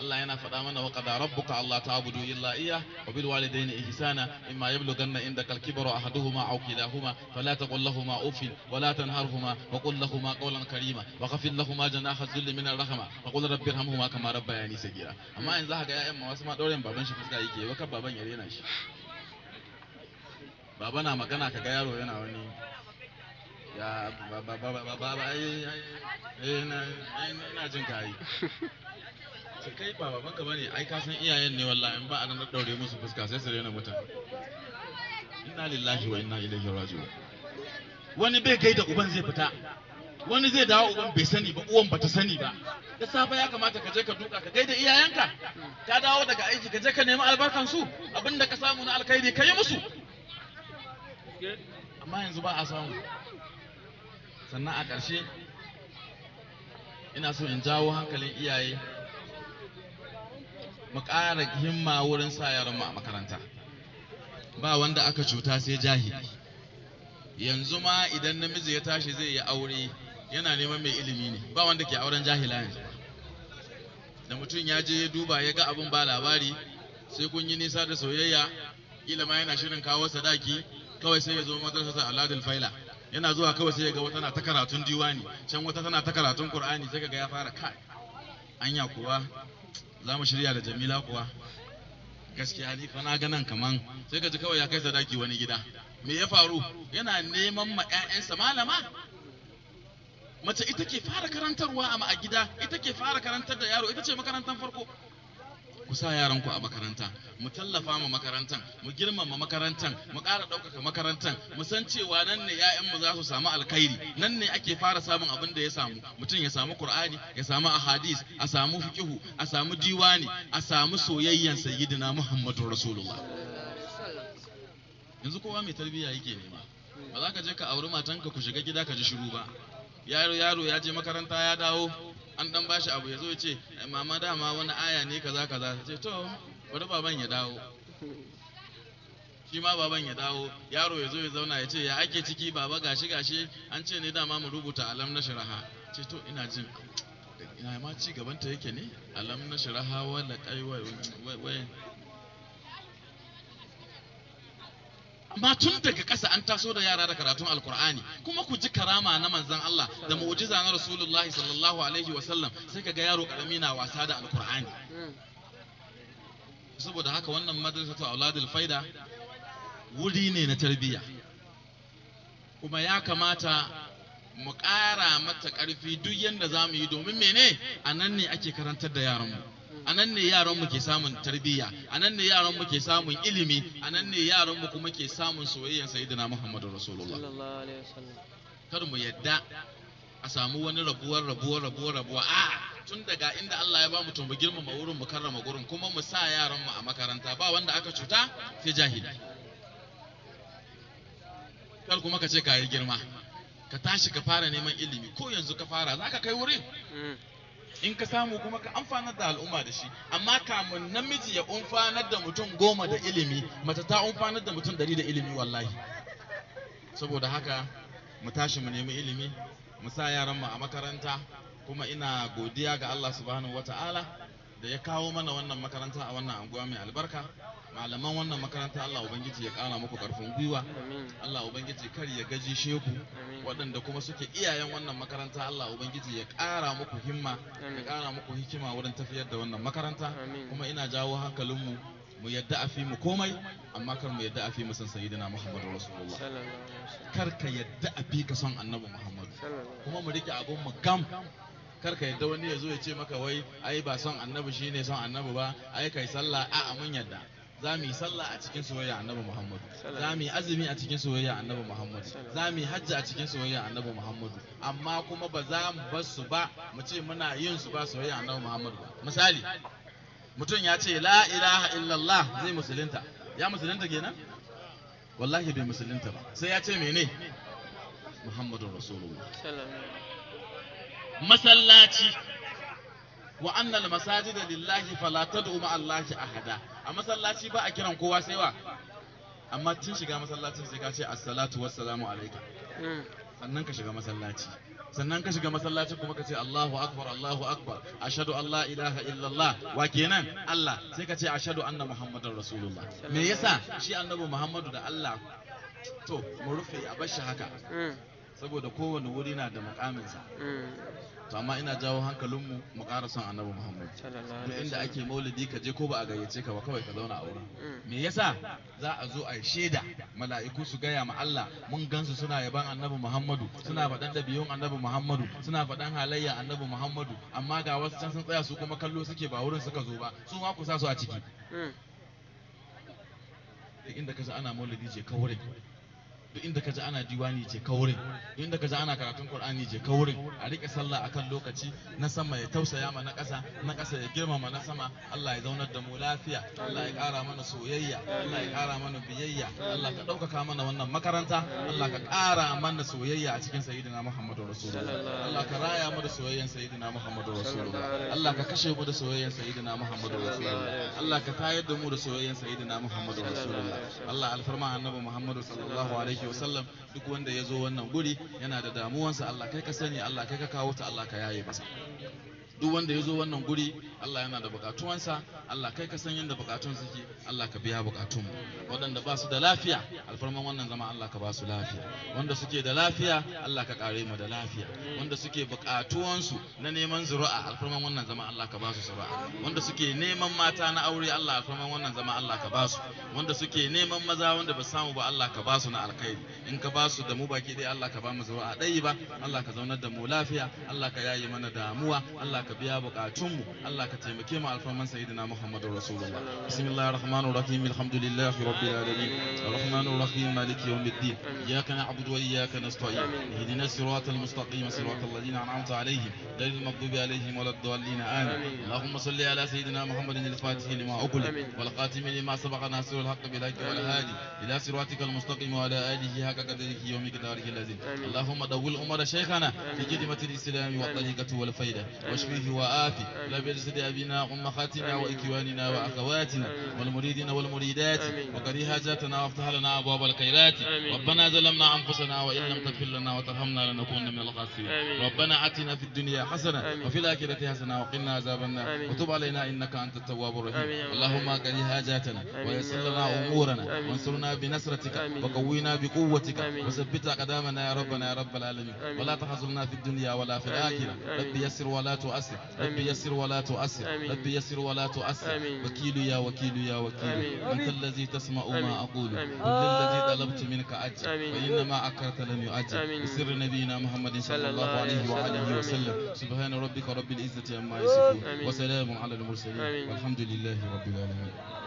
Allah yana faɗa mana wa qada rabbuka Allah ta'budu illa iyyah wa bil walidayni ihsana imma yablughanna indaka al-kibra ahaduhuma aw kilahuma fala taqul lahumā uff wa la tanharhumā wa qul lahumā qawlan karīmā wa khafid lahumā janāha dhilli min ar-rahmā wa qul rabbi irhamhumā kamā rabbayānī saghīrā amma yanzu haka ya'yan ma wasu ma dauren baban shi fuska yake wa kan baban ya rena shi baba na magana kaga yaro yana wani ya baba baba baba ai ai ina jin ka to kai ba baban ka ne, ai ka san iyayen ne wallahi in ba a nan daure musu fuska sai su rena mutan inna lillahi wa inna ilaihi raji'un wani bai kai da uban zai fita wani zai dawo uban bai sani ba uwan bata sani ba da safe ya kamata ka je ka duka ka gaida iyayenka ka dawo daga aiki ka je ka nemi albarkan su abinda ka samu na alkhairi ka yi musu amma yanzu ba a samu sannan a ƙarshe ina so in jawo hankalin iyaye mu ƙara himma wurin sa yaranmu a makaranta ba wanda aka cuta sai jahili yanzu ma idan namiji ya tashi zai yi aure yana neman mai ilimi ne ba wanda ke auren jahila yanzu da mutum ya je ya duba ya ga abin ba labari sai kun yi nisa da soyayya kila ma yana shirin kawo sadaki kawai sai ya zo madrasar aladul faila yana zuwa kawai sai ya ga wata na ta karatun diwani can wata tana ta karatun qur'ani sai ga ya fara kai anya kuwa za mu shirya da jamila kuwa gaskiya ni fa na ganan kamar sai ka ji kawai ya kai sadaki wani gida me ya faru yana neman ma ƴaƴansa malama mace ita ke fara karantarwa a gida ita ke fara karantar da yaro ita ce makarantar farko ku sa yaranku a makaranta mu tallafa ma makarantan mu girmama makarantan mu ƙara ɗaukaka makarantan mu san cewa nan ne mu za su samu alkhairi nan ne ake fara samun abin da ya samu mutum ya samu qur'ani ya samu ahadis a samu fiqhu a samu diwani a samu soyayyan sayyidina muhammadu rasulullah yanzu kowa mai tarbiyya yake nema ba za ka je ka auri matanka ku shiga gida ka ji shiru ba yaro yaro ya je makaranta ya dawo an dan bashi abu ya zo ce mama dama wani aya ne kaza kaza ta ce to wani baban ya dawo shi ma baban ya dawo yaro ya zo ya zauna ya ce ya ake ciki baba gashi gashi an ce ne dama mu rubuta alam na shiraha ce to ina jin ina ma ci gabanta yake ne alam na shiraha wala kai wai amma tun daga ƙasa an taso da yara da karatun alkur'ani kuma ku ji karama na manzan Allah da mu'jiza na rasulullahi sallallahu alaihi wa sallam sai ka ga yaro karami na wasa da alkur'ani saboda haka wannan madrasatu auladul faida wuri ne na tarbiyya kuma ya kamata mu ƙara mata ƙarfi duk yadda za mu yi domin mene a nan ne ake karantar da yaranmu a nan ne yaranmu ke samun tarbiyya a nan ne yaranmu ke samun ilimi a nan ne yaranmu kuma ke samun soyayyar sayyidina muhammadu rasulullah kar mu yadda a samu wani rabuwar rabuwar rabuwar rabuwa a tun daga inda Allah ya ba mu tumbu girmama wurin mu karrama gurin kuma mu sa yaran mu a makaranta ba wanda aka cuta sai jahili kar kuma ka ce ka yi girma ka tashi ka fara neman ilimi ko yanzu ka fara za ka kai wurin mm. in ka samu kuma ka amfanar da al'umma da shi amma kamun namiji ya umfanar da mutum goma da ilimi mace ta umfanar da mutum dari da ilimi wallahi saboda haka mu tashi mu nemi ilimi mu sa mu a makaranta kuma ina godiya ga Allah subhanahu wata'ala da ya kawo mana wannan makaranta a wannan anguwa mai albarka malaman wannan makaranta Allah ubangiji ya kara muku karfin gwiwa Allah ubangiji kar ya gaji sheku waɗanda kuma suke iyayen wannan makaranta Allah ubangiji ya kara muku himma ya kara muku hikima wurin tafiyar da wannan makaranta kuma ina jawo hankalinmu mu yadda a fi mu komai amma kar mu yadda a fi mu san sayyidina Muhammadu Rasulullah kar ka yadda a fi ka son annabi Muhammadu kuma mu rike abun mu gam kar ka yadda wani ya zo ya ce maka wai ai ba son annabi shine son annabi ba ai kai sallah a'a mun yadda za mu yi sallah a cikin soyayya annabi muhammadu za mu yi azumi a cikin soyayya annabi muhammadu za mu yi hajji a cikin soyayya annabi muhammadu amma kuma ba za mu bar su ba mu ce muna yin su ba soyayya annabi muhammadu ba. misali mutum ya ce la ilaha illallah zai musulunta ya musulunta kenan wallahi bai musulunta ba sai ya ce mene Muhammadu rasulullah masallaci wa annal masajid lillahi fala tad'u ma allahi ahada a masallaci ba a kiran kowa sai wa amma tun shiga masallacin sai ka ce assalatu wassalamu alayka hmm. sannan ka shiga masallaci sannan ka shiga masallacin kuma ka ce Allahu akbar Allahu akbar ashhadu an la ilaha illallah wa kenan Allah sai ka ce ashhadu anna muhammadar rasulullah me yasa shi annabi muhammadu da Allah to mu rufe a bar shi haka hmm. saboda kowane wuri na da mukaminsa hmm. to amma ina jawo hankalinmu mu ƙara son annabi muhammad duk inda ake maulidi ka je ko ba a gayyace ka ba kawai ka zauna a wurin mm. me yasa za a zo a yi shaida mala'iku su gaya ma Allah mun gansu suna yaban annabi muhammadu suna faɗan ɗabi'un annabi muhammadu suna faɗan halayya annabi muhammadu amma ga wasu can sun tsaya su kuma kallo suke ba wurin suka zo ba su ma ku sa su a ciki mm. duk inda ka ana maulidi je kawai duk inda ka ji ana diwani je ka wurin duk inda ka ji ana karatun qur'ani je ka wurin a rike sallah akan lokaci na sama ya tausaya ma na ƙasa na ƙasa ya girmama na sama Allah ya zaunar da mu lafiya Allah ya ƙara mana soyayya Allah ya ƙara mana biyayya Allah ka ɗaukaka mana wannan makaranta Allah ka ƙara mana soyayya a cikin sayyidina Muhammadu Rasulullah Allah ka raya mu da soyayyan sayyidina Muhammadu Rasulullah Allah ka kashe mu da soyayyan sayyidina Muhammadu Rasulullah Allah ka tayar da mu da soyayyan sayyidina Muhammadu Rasulullah Allah alfarma annabi Muhammadu sallallahu alaihi alaihi wasallam duk wanda ya zo wannan guri yana da damuwansa Allah kai ka sani Allah kai ka kawo ta Allah ka yaye masa duk wanda ya zo wannan guri Allah yana da bukatuwansa Allah kai ka san yadda bukatun suke Allah ka biya bukatun waɗanda ba su da lafiya alfarman wannan zama Allah ka ba su lafiya wanda suke da lafiya Allah ka kare mu da lafiya wanda suke bukatuwansu na neman zuru'a alfarman wannan zama Allah ka ba su zuru'a wanda suke neman mata na aure Allah alfarman wannan zama Allah ka ba su wanda suke neman maza wanda ba samu ba Allah ka ba su na alkhairi in ka ba su da mu baki dai Allah ka ba mu zuru'a ɗaya ba Allah ka zaunar da mu lafiya Allah ka yayi mana damuwa Allah ka biya bukatunmu Allah ka taimake mu alfarman sayyidina Muhammadur Rasulullah bismillahir rahmanir rahim alhamdulillahi rabbil alamin arrahmanir rahim maliki yawmiddin iyyaka na'budu wa iyyaka nasta'in ihdina siratal mustaqim siratal ladzina an'amta alaihim ghayril maghdubi alaihim waladdallin amin اللهم صل على سيدنا محمد الفاتح لما أقل والقاتم لما سبق ناصر الحق بالحق والهادي إلى صراطك المستقيم وعلى آله حق قدره يوم قداره الذي اللهم دول أمر شيخنا في خدمة الإسلام والطريقة والفائدة واشفيه وصحبه عليه لا لبرسد أبينا أمخاتنا وإكواننا وأخواتنا والمريدين والمريدات وقري حاجاتنا وافتح لنا أبواب الخيرات ربنا ظلمنا أنفسنا وإن لم تغفر لنا وترحمنا لنكون من الخاسرين ربنا آتنا في الدنيا حسنة وفي الآخرة حسنة وقنا عذاب النار وتب علينا إنك أنت التواب الرحيم اللهم قري حاجاتنا ويسر لنا أمورنا وانصرنا بنصرتك وقوينا بقوتك وثبت أقدامنا يا ربنا يا رب العالمين ولا تحزننا في الدنيا ولا في الآخرة رب يسر ولا تؤسر تؤسر ربي يسر ولا تؤسر ربي يسر ولا تؤسر وكيل يا وكيل يا وكيل أنت الذي تسمع ما أقول أنت الذي طلبت منك أجر وإنما أكرت لم يؤجر بسر نبينا محمد صلى الله عليه وآله وسلم سبحان ربك رب العزة عما يصفون وسلام على المرسلين والحمد لله رب العالمين